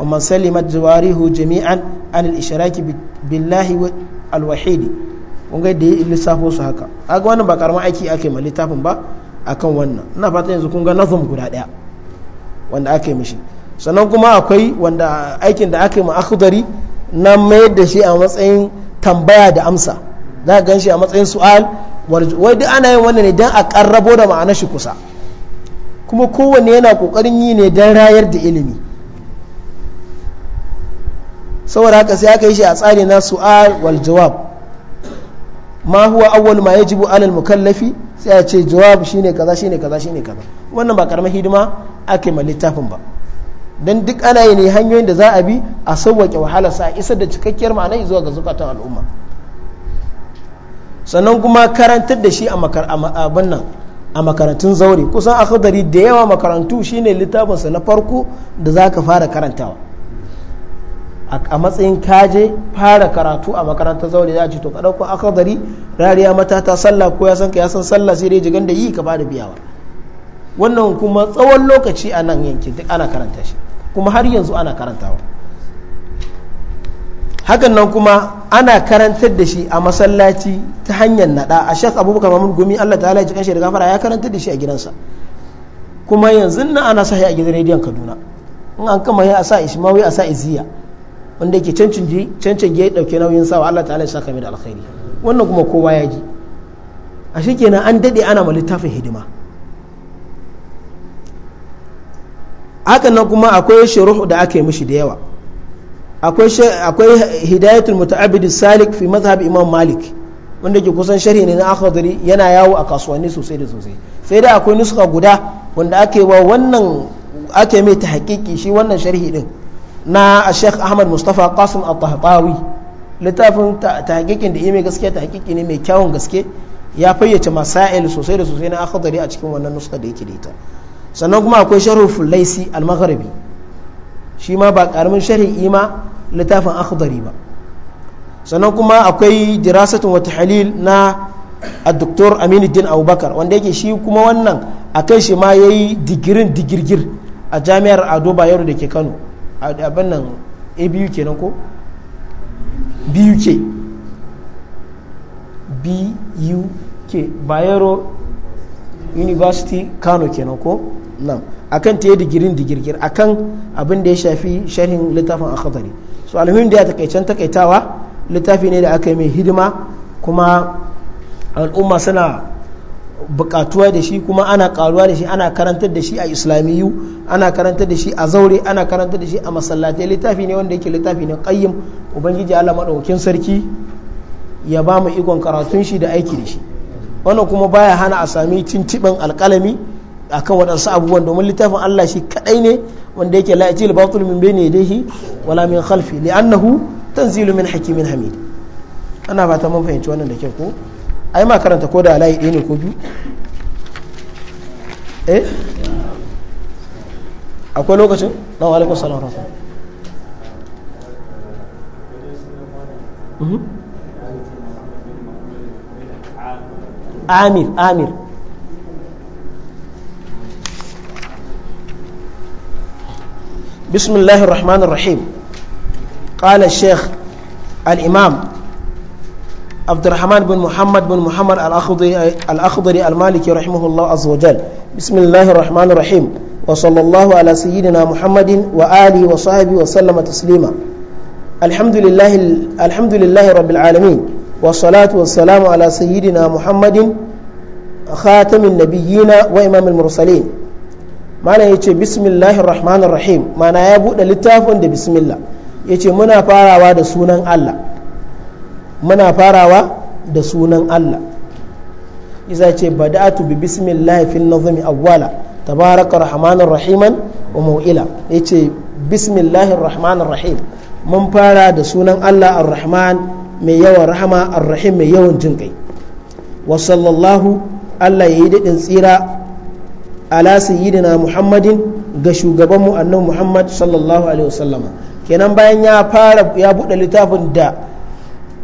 ومن سلمت جواريه جميعا عن الاشراك بالله الوحيد kunga da ya lissafo su haka aga wannan ba karamin aiki ake ma littafin ba akan wannan ina fata yanzu kun ga nazum guda daya wanda ake mishi sannan kuma akwai wanda aikin da ake ma akhdari na mayar da shi a matsayin tambaya da amsa za ka gan shi a matsayin su'al wai duk ana yin wannan ne don a karrabo da ma'anar shi kusa kuma kowanne yana kokarin yi ne don rayar da ilimi saboda haka sai aka yi shi a tsari na su'al wal jawab ma huwa awwal ma yajibu alal mukallafi sai a ce jawab shine kaza shine kaza shine kaza wannan ba karamar hidima ake ma littafin ba dan duk ana yi ne hanyoyin da za a bi a sauwake wahalar sa isar da cikakkiyar ma'ana zuwa ga zukatan al'umma sannan kuma karantar da shi a makarantun zaure kusan akhdari da yawa makarantu shine littafinsa na farko da za ka fara karantawa a matsayin kaje fara karatu a makarantar zaure za a ce to ka ɗauko akhdari rariya matata sallah ko ya san ka ya san sallah sai dai jigan da yi ka bada biyawa wannan kuma tsawon lokaci a nan yankin duk ana karanta shi kuma har yanzu ana karantawa hakan nan kuma ana karantar da shi a masallaci ta hanyar nada a shek abubakar mamun gumi allah ta'ala ya ji kanshi da gafara ya karantar da shi a gidansa kuma yanzu na ana sa a gidan rediyon kaduna in an kama ya a sa ismawi a sa iziya wanda ke cancan ya dauke nauyin sawa allah ta'ala ya sa kame da alkhairi wannan kuma kowa ya ji a shi kenan an dade ana ma littafin hidima hakan nan kuma akwai shuruhu da aka yi mishi da yawa akwai hidayatul muta'abbid salik fi mazhab imam malik wanda ke kusan sharhi ne na akhdari yana yawo a kasuwanni sosai da sosai sai dai akwai nuska guda wanda ake wa wannan ake mai ta hakiki shi wannan sharhi din na Sheikh Ahmad Mustafa Qasim At-Tahtawi littafin ta hakikin da mai gaske ta hakiki ne mai kyawun gaske ya fayyace masail sosai da sosai na akhdari a cikin wannan nuska da yake da ita sannan kuma akwai sharhu Fulaisi Al-Maghribi shi ma ba karamin sharhi ima littafin akhdari ba sannan kuma akwai dirasatun wata halil na a doktor aminuddin abubakar wanda yake shi kuma wannan a kai shi ma ya yi digirin digirgir a jami'ar ado bayero da ke kano a abin nan abu nan ko buk buk bayero university kano nan ko nan akan ta yi digirin digirgir akan abin da ya shafi shahin littafin akadari so alhuhun da ya takaicen takaitawa littafi ne da aka yi mai hidima kuma al'umma suna bukatuwa da shi kuma ana karuwa da shi ana karantar da shi a islamiyu ana karantar da shi a zaure ana karantar da shi a masallatai littafi ne wanda yake littafi ne qayyim ubangiji Allah madaukin sarki ya ba mu ikon karatun shi da aiki da shi wannan kuma baya hana a sami tintiban alkalami akan waɗansu abubuwan domin littafin Allah shi kadai ne wanda yake la yatil batil min bayni yadayhi wala min khalfi li'annahu tanzilu min hakimin hamid ana fata mun fahimci wannan da kyau ko ai ma karanta ko da layi ɗaya ne ko biyu eh akwai lokacin na wa alaikun salam rafa mhm. amir amir بسم الله الرحمن الرحيم قال الشيخ الإمام عبد الرحمن بن محمد بن محمد الأخضري, المالكي رحمه الله عز وجل بسم الله الرحمن الرحيم وصلى الله على سيدنا محمد وآله وصحبه وسلم تسليما الحمد لله الحمد لله رب العالمين والصلاة والسلام على سيدنا محمد خاتم النبيين وإمام المرسلين malam ya ce bismillahir rahmanir rahim mana ya buɗe littafin da bismillah ya ce muna farawa da sunan allah muna farawa da sunan allah isa ce bada'atu bi bismillahi fil nazmi awwala tabaraka rahmanir rahiman wa mu'ila yace bismillahir rahmanir rahim mun fara da sunan Allah ar-rahman mai yawan rahama ar-rahim mai yawan jinkai kai wa sallallahu Allah yayi daɗin tsira ala sayyidina muhammadin ga shugabanmu annabi muhammad sallallahu alaihi wasallama kenan bayan ya fara ya buɗe littafin da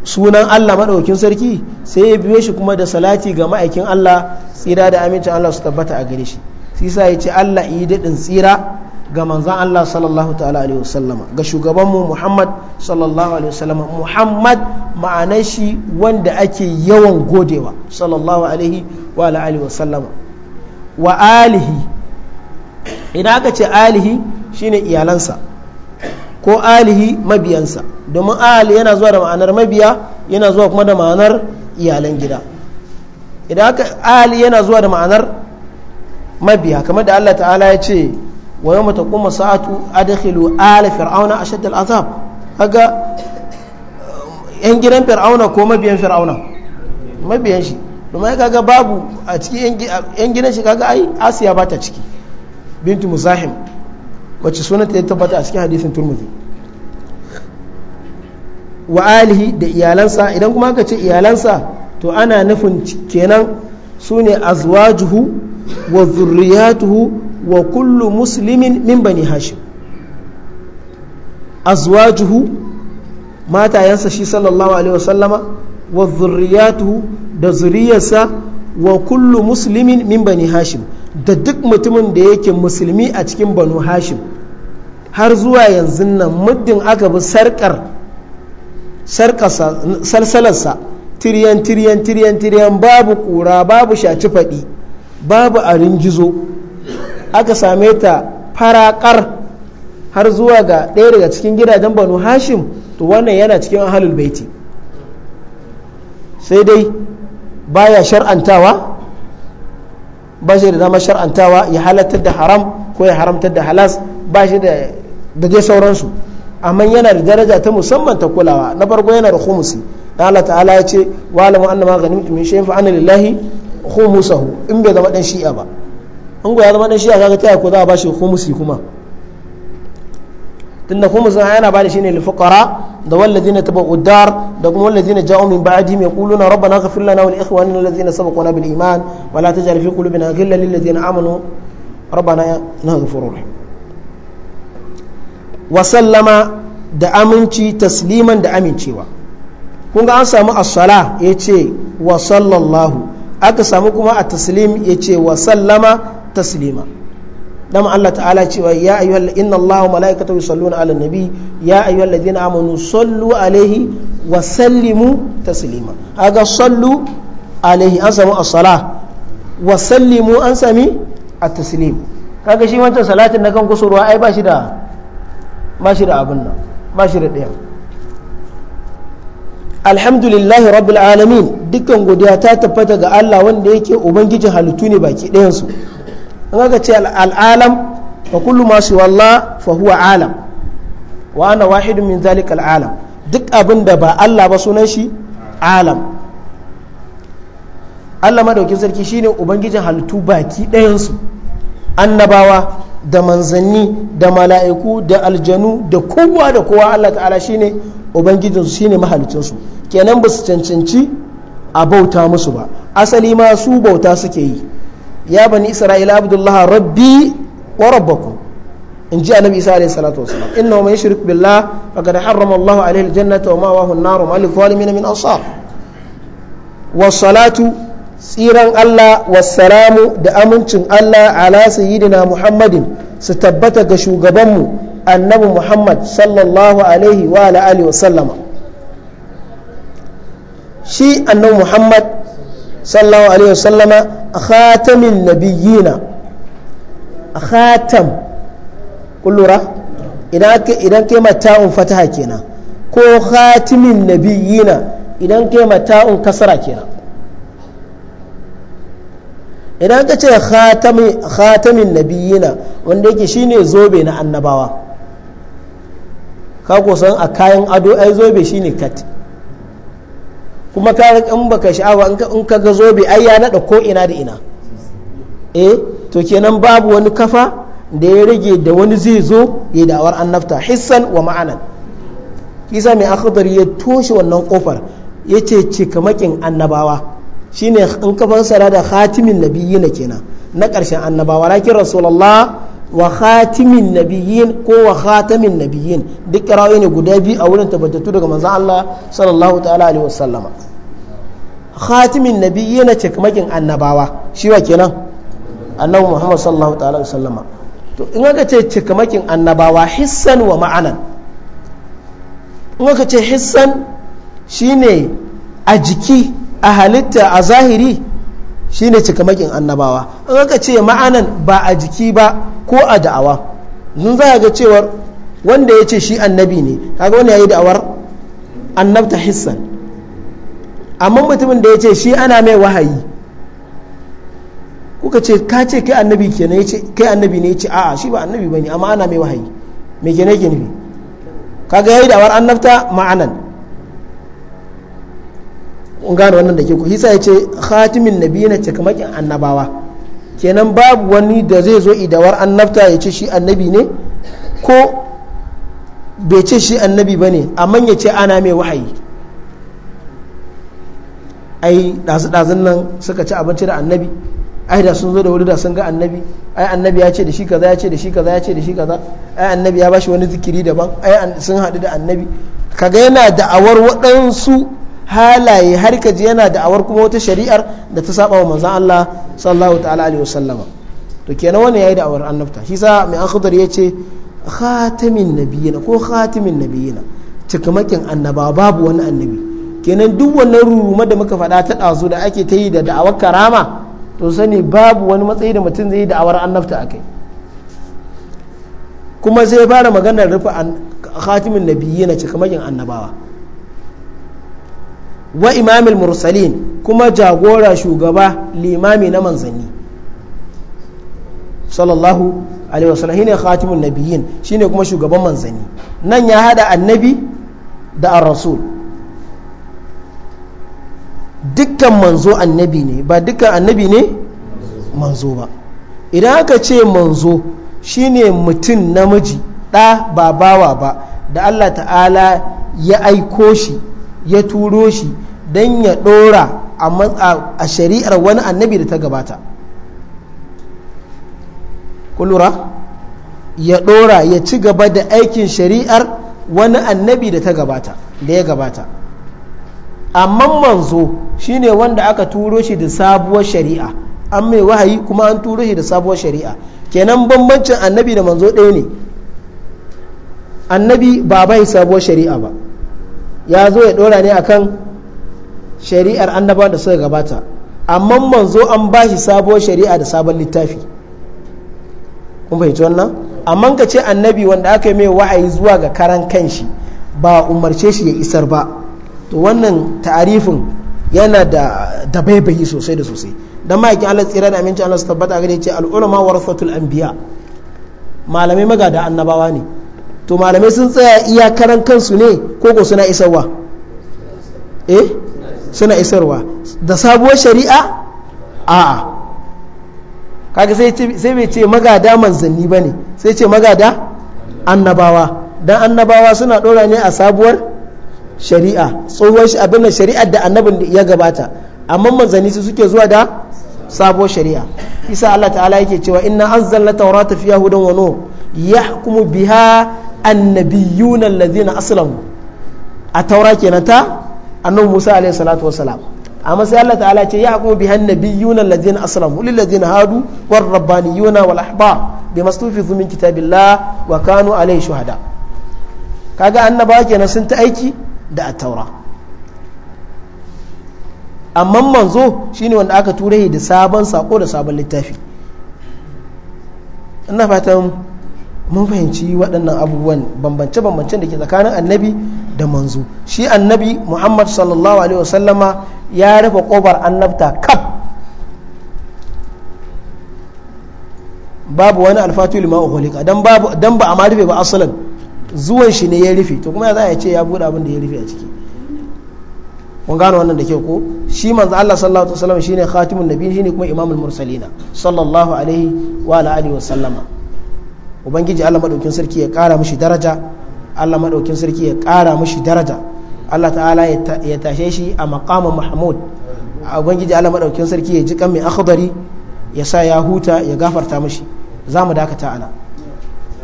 sunan allah maɗaukin sarki sai ya biyo shi kuma da salati ga ma'aikin allah tsira da amincin allah su tabbata a gare shi sa ya ce allah yi daɗin tsira ga manzan Allah sallallahu ta'ala alaihi wasallama ga shugabanmu Muhammad sallallahu alaihi wasallama Muhammad ma'anar shi wanda ake yawan godewa sallallahu alaihi wa alihi wasallama wa alihi idan aka ce alihi shine iyalansa ko alihi mabiyansa domin ali yana zuwa da ma'anar mabiya yana zuwa kuma da ma'anar iyalan gida idan aka ali yana zuwa da ma'anar mabiya kamar da Allah ta'ala ya ce wa mata kuma sa'atu adkhilu ala fir'auna ashad al'azab kaga yan gidan fir'auna ko mabiyan fir'auna mabiyan shi domin kaga babu a cikin yan gidan shi kaga ai asiya ba ta ciki bintu muzahim wacce sunanta ya tabbata a cikin hadisin turmuzi wa alihi da iyalansa idan kuma ka ce iyalansa to ana nufin kenan su ne azwajuhu wa zurriyatuhu wa kullu muslimin min bani hashim azwajuhu matayensa shi sallallahu alaihi wasallama wa da zuriyarsa wa kullu muslimin min bani hashim da duk mutumin da yake musulmi a cikin banu hashim har zuwa yanzu nan muddin aka bi sarkar salsalarsa tiriyan tiriyan tiriyan tiriyan babu kura babu shaci faɗi babu arin gizo aka same ta farakar har zuwa ga ɗaya daga cikin gidajen banu hashim to wannan yana cikin ahalul baiti sai dai baya shar'antawa ba shi da dama shar'antawa ya halattar da haram ko ya haramtar da halas ba shi da dai sauransu amma yana da daraja ta musamman ta kulawa na farko yana da khumusi dan Allah ta'ala ya ce wa alamu ma ghanimtum min shay'in fa ana lillahi khumusahu in bai zama dan shi'a ba in ya zama dan shi'a kaga ta ko za a bashi khumusi kuma tunda khumusin yana ba shi shine lil fuqara da wallazi wallazina taba dar da kuma na ja'u min ba'dihim yaquluna rabbana ighfir lana wa li ikhwanina allazina sabaquna bil iman wa la taj'al fi qulubina ghillan lil ladzina amanu rabbana innaka ghafurur rahim wa sallama da aminci tasliman da amincewa kun ga an samu as-sala yace wa sallallahu aka samu kuma a taslim yace wa sallama taslima dama Allah ta'ala cewa ya ayyuhal inna Allah wa malaikatahu yusalluna ala nabi ya ayyuhal ladina amanu sallu alaihi wa sallimu taslima aga sallu alaihi an samu as-sala wa sallimu an sami at-taslim kaga shi wancan salatin na kan kusurwa ai ba shi da ba shi da abun nan ba shi da ɗaya alhamdulillahi rabbil alamin dukkan godiya ta tabbata ga Allah wanda yake ubangiji halittu ne baki ɗayansu su in aka ce al'alam fa kullu ma su Allah fa huwa alam wa ana wahidun min zalika al'alam duk abin da ba Allah ba sunan shi alam Allah madaukin sarki shine ubangijin halittu baki ɗayansu annabawa da manzanni da mala'iku da aljanu da kowa da kowa Allah ta'ala shine su shine su kenan ba su cancanci a bauta musu ba asali ma su bauta suke yi ya bani isra'ila abdullah rabbi wa rabbakum in ji annabi isa alaihi salatu wasalam inna man yushrik billah faqad harrama allah alaihi aljannata wa ma'wahu an-nar wa lil zalimin min ansar Wa salatu tsiran allah was salamu da amincin allah ala sayyidina muhammadin su tabbata ga shugabanmu annabi muhammad sallallahu alaihi wa ala alihi wa sallama shi annabi muhammad sallallahu alaihi wasallama khatamin nabiyina khatam kullura idan idan kai mata'un fataha kenan ko khatimin nabiyina idan kai mata'un kasara kenan idan ka ce khatamin nabiyina wanda yake shine zobe na annabawa ka kusan a kayan ado ai zobe shine kat kuma ka in baka sha'awa in ka ga zobe ai ya nada ko ina da ina eh to kenan babu wani kafa da ya rage da wani zai zo ya da'awar annabta hissan wa ma'anan kisa mai akhdar ya toshe wannan kofar ya ce cikamakin annabawa shine in kafan sarada da khatimin nabiyina kenan na karshen annabawa lakin rasulullah wa khatimin nabiyyin ko wa khatamin nabiyyin duk kirawoyi ne guda biyu a wurin tabbatattu daga manzon Allah sallallahu ta'ala alaihi wasallama khatimin nabiyyin na cikmakin annabawa shi wa kenan annabi Muhammad sallallahu ta'ala alaihi wasallama to in aka ce cikmakin annabawa hissan wa ma'anan in aka ce hissan shine a jiki a halitta a zahiri Shi ne cikamakin annabawa in aka ce ma'anan ba a jiki ba ko a da'awa sun za ga cewar wanda ya ce shi annabi ne kaga wani yayi da'awar annabta hissan amma mutumin da ya ce shi ana mai wahayi kuka ce ka ce kai annabi kenan ya ce kai annabi ne ya ce a'a shi ba annabi bane amma ana mai wahayi me kenan yake nufi kaga yayi da'awar annabta ma'anan kun gane wannan da ke ku hisa ya ce khatimin na cikamakin annabawa kenan babu wani da zai zo idawar annabta ya ce shi annabi ne ko bai ce shi annabi ba ne amma ya ce ana mai wahayi ai ɗazu-ɗazun nan suka ci abinci da annabi ai da sun zo da wuri da sun ga annabi ai annabi ya ce da shi kaza ya ce da shi kaza ya ce da shi kaza ai annabi ya bashi wani zikiri daban ai sun haɗu da annabi kaga yana da'awar waɗansu halaye har ka ji yana awar kuma wata shari'ar da ta saba wa manzon Allah sallallahu ta'ala alaihi wasallama to kenan wannan yayi da'awar annabta shi sa mai akhdar yace khatamin nabiyina ko khatimin nabiyina cikamakin annaba babu wani annabi kenan duk wannan ruruma da muka faɗa ta ɗazu da ake ta yi da da'awar karama to sani babu wani matsayi da mutum zai yi da'awar annabta a kai kuma zai fara maganar rufe khatimin nabiyina cikamakin annabawa wa imamil mursalin kuma jagora shugaba limami na manzanni sallallahu alaihi wasallam shine khatimun nabiyyin shine kuma shugaban manzanni nan ya hada annabi da ar-rasul dukkan manzo annabi ne ba dukkan annabi ne manzo ba idan aka ce manzo shine mutum namiji da ba bawa ba da Allah ta'ala ya aiko shi ya turo shi don ya ɗora a shari'ar wani annabi da ta gabata kulura ya ɗora ya ci gaba da aikin shari'ar wani annabi da ta gabata da ya gabata amma manzo shine wanda aka turo shi da sabuwar shari'a an mai wahayi kuma an turo shi da sabuwar shari'a kenan bambancin annabi da manzo ɗaya ne annabi ba bai sabuwar shari'a ba ya zo ya dora ne akan shari'ar annabawan da suka gabata amma manzo an ba shi sabuwar shari'a da sabon littafi kun fahimci wannan amma ka ce annabi wanda aka yi mai wa'ayi zuwa ga karan kanshi ba umarce shi ya isar ba to wannan ta'arifin yana da da baibayi sosai da sosai dan ma'aikin Allah tsira da aminci Allah su tabbata gare ce al-ulama warathatul anbiya malamai magada annabawa ne to malamai sun tsaya iya karan kansu ne ko suna isarwa eh suna isarwa da sabuwar shari'a a'a kaga sai bai ce magada manzanni ba ne sai ce magada annabawa dan annabawa suna ɗora ne a sabuwar shari'a tsohuwar abin da shari'ar da annabin ya gabata amma manzanni su suke zuwa da sabuwar shari'a isa Allah ta'ala yake cewa inna an anzalna taura tafiya hudan wa nur yahkumu biha annabiyuna allazina aslamu a taura kenan ta annabi Musa alaihi salatu wassalam amma sai Allah ta'ala ce ya hukumu bihan nabiyuna allazina aslamu lil ladzina hadu war rabbaniyuna wal ahba bima stufizu min kitabillah wa kanu alaihi shuhada kaga annaba kenan sun ta aiki da at-taura amma manzo shine wanda aka tura da sabon sako da sabon littafi ina fatan mun fahimci waɗannan abubuwan bambance-bambancen da ke tsakanin annabi da manzo shi annabi muhammad sallallahu alaihi wasallama ya rufe ƙofar annabta kaf babu wani alfatu lima ukhulika dan ba a ma rufe ba asalan zuwan shi ne ya rufe to kuma za a ce ya buɗe abin da ya rufe a ciki kun gano wannan da ke ko shi manzo Allah sallallahu alaihi wasallam shine khatimun nabiyyin shine kuma imamul mursalina sallallahu alaihi wa alihi wasallama ubangiji Allah madaukin sarki ya kara mishi daraja Allah madaukin sarki ya kara mishi daraja Allah ta'ala ya tashe shi a maqamin mahmud ubangiji Allah madaukin sarki ya ji kan mai akhdari ya sa ya huta ya gafarta mishi za mu dakata ana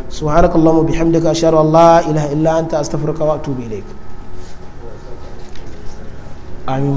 subhanakallahumma bihamdika ashhadu an la ilaha illa anta astaghfiruka wa atubu ilaik amin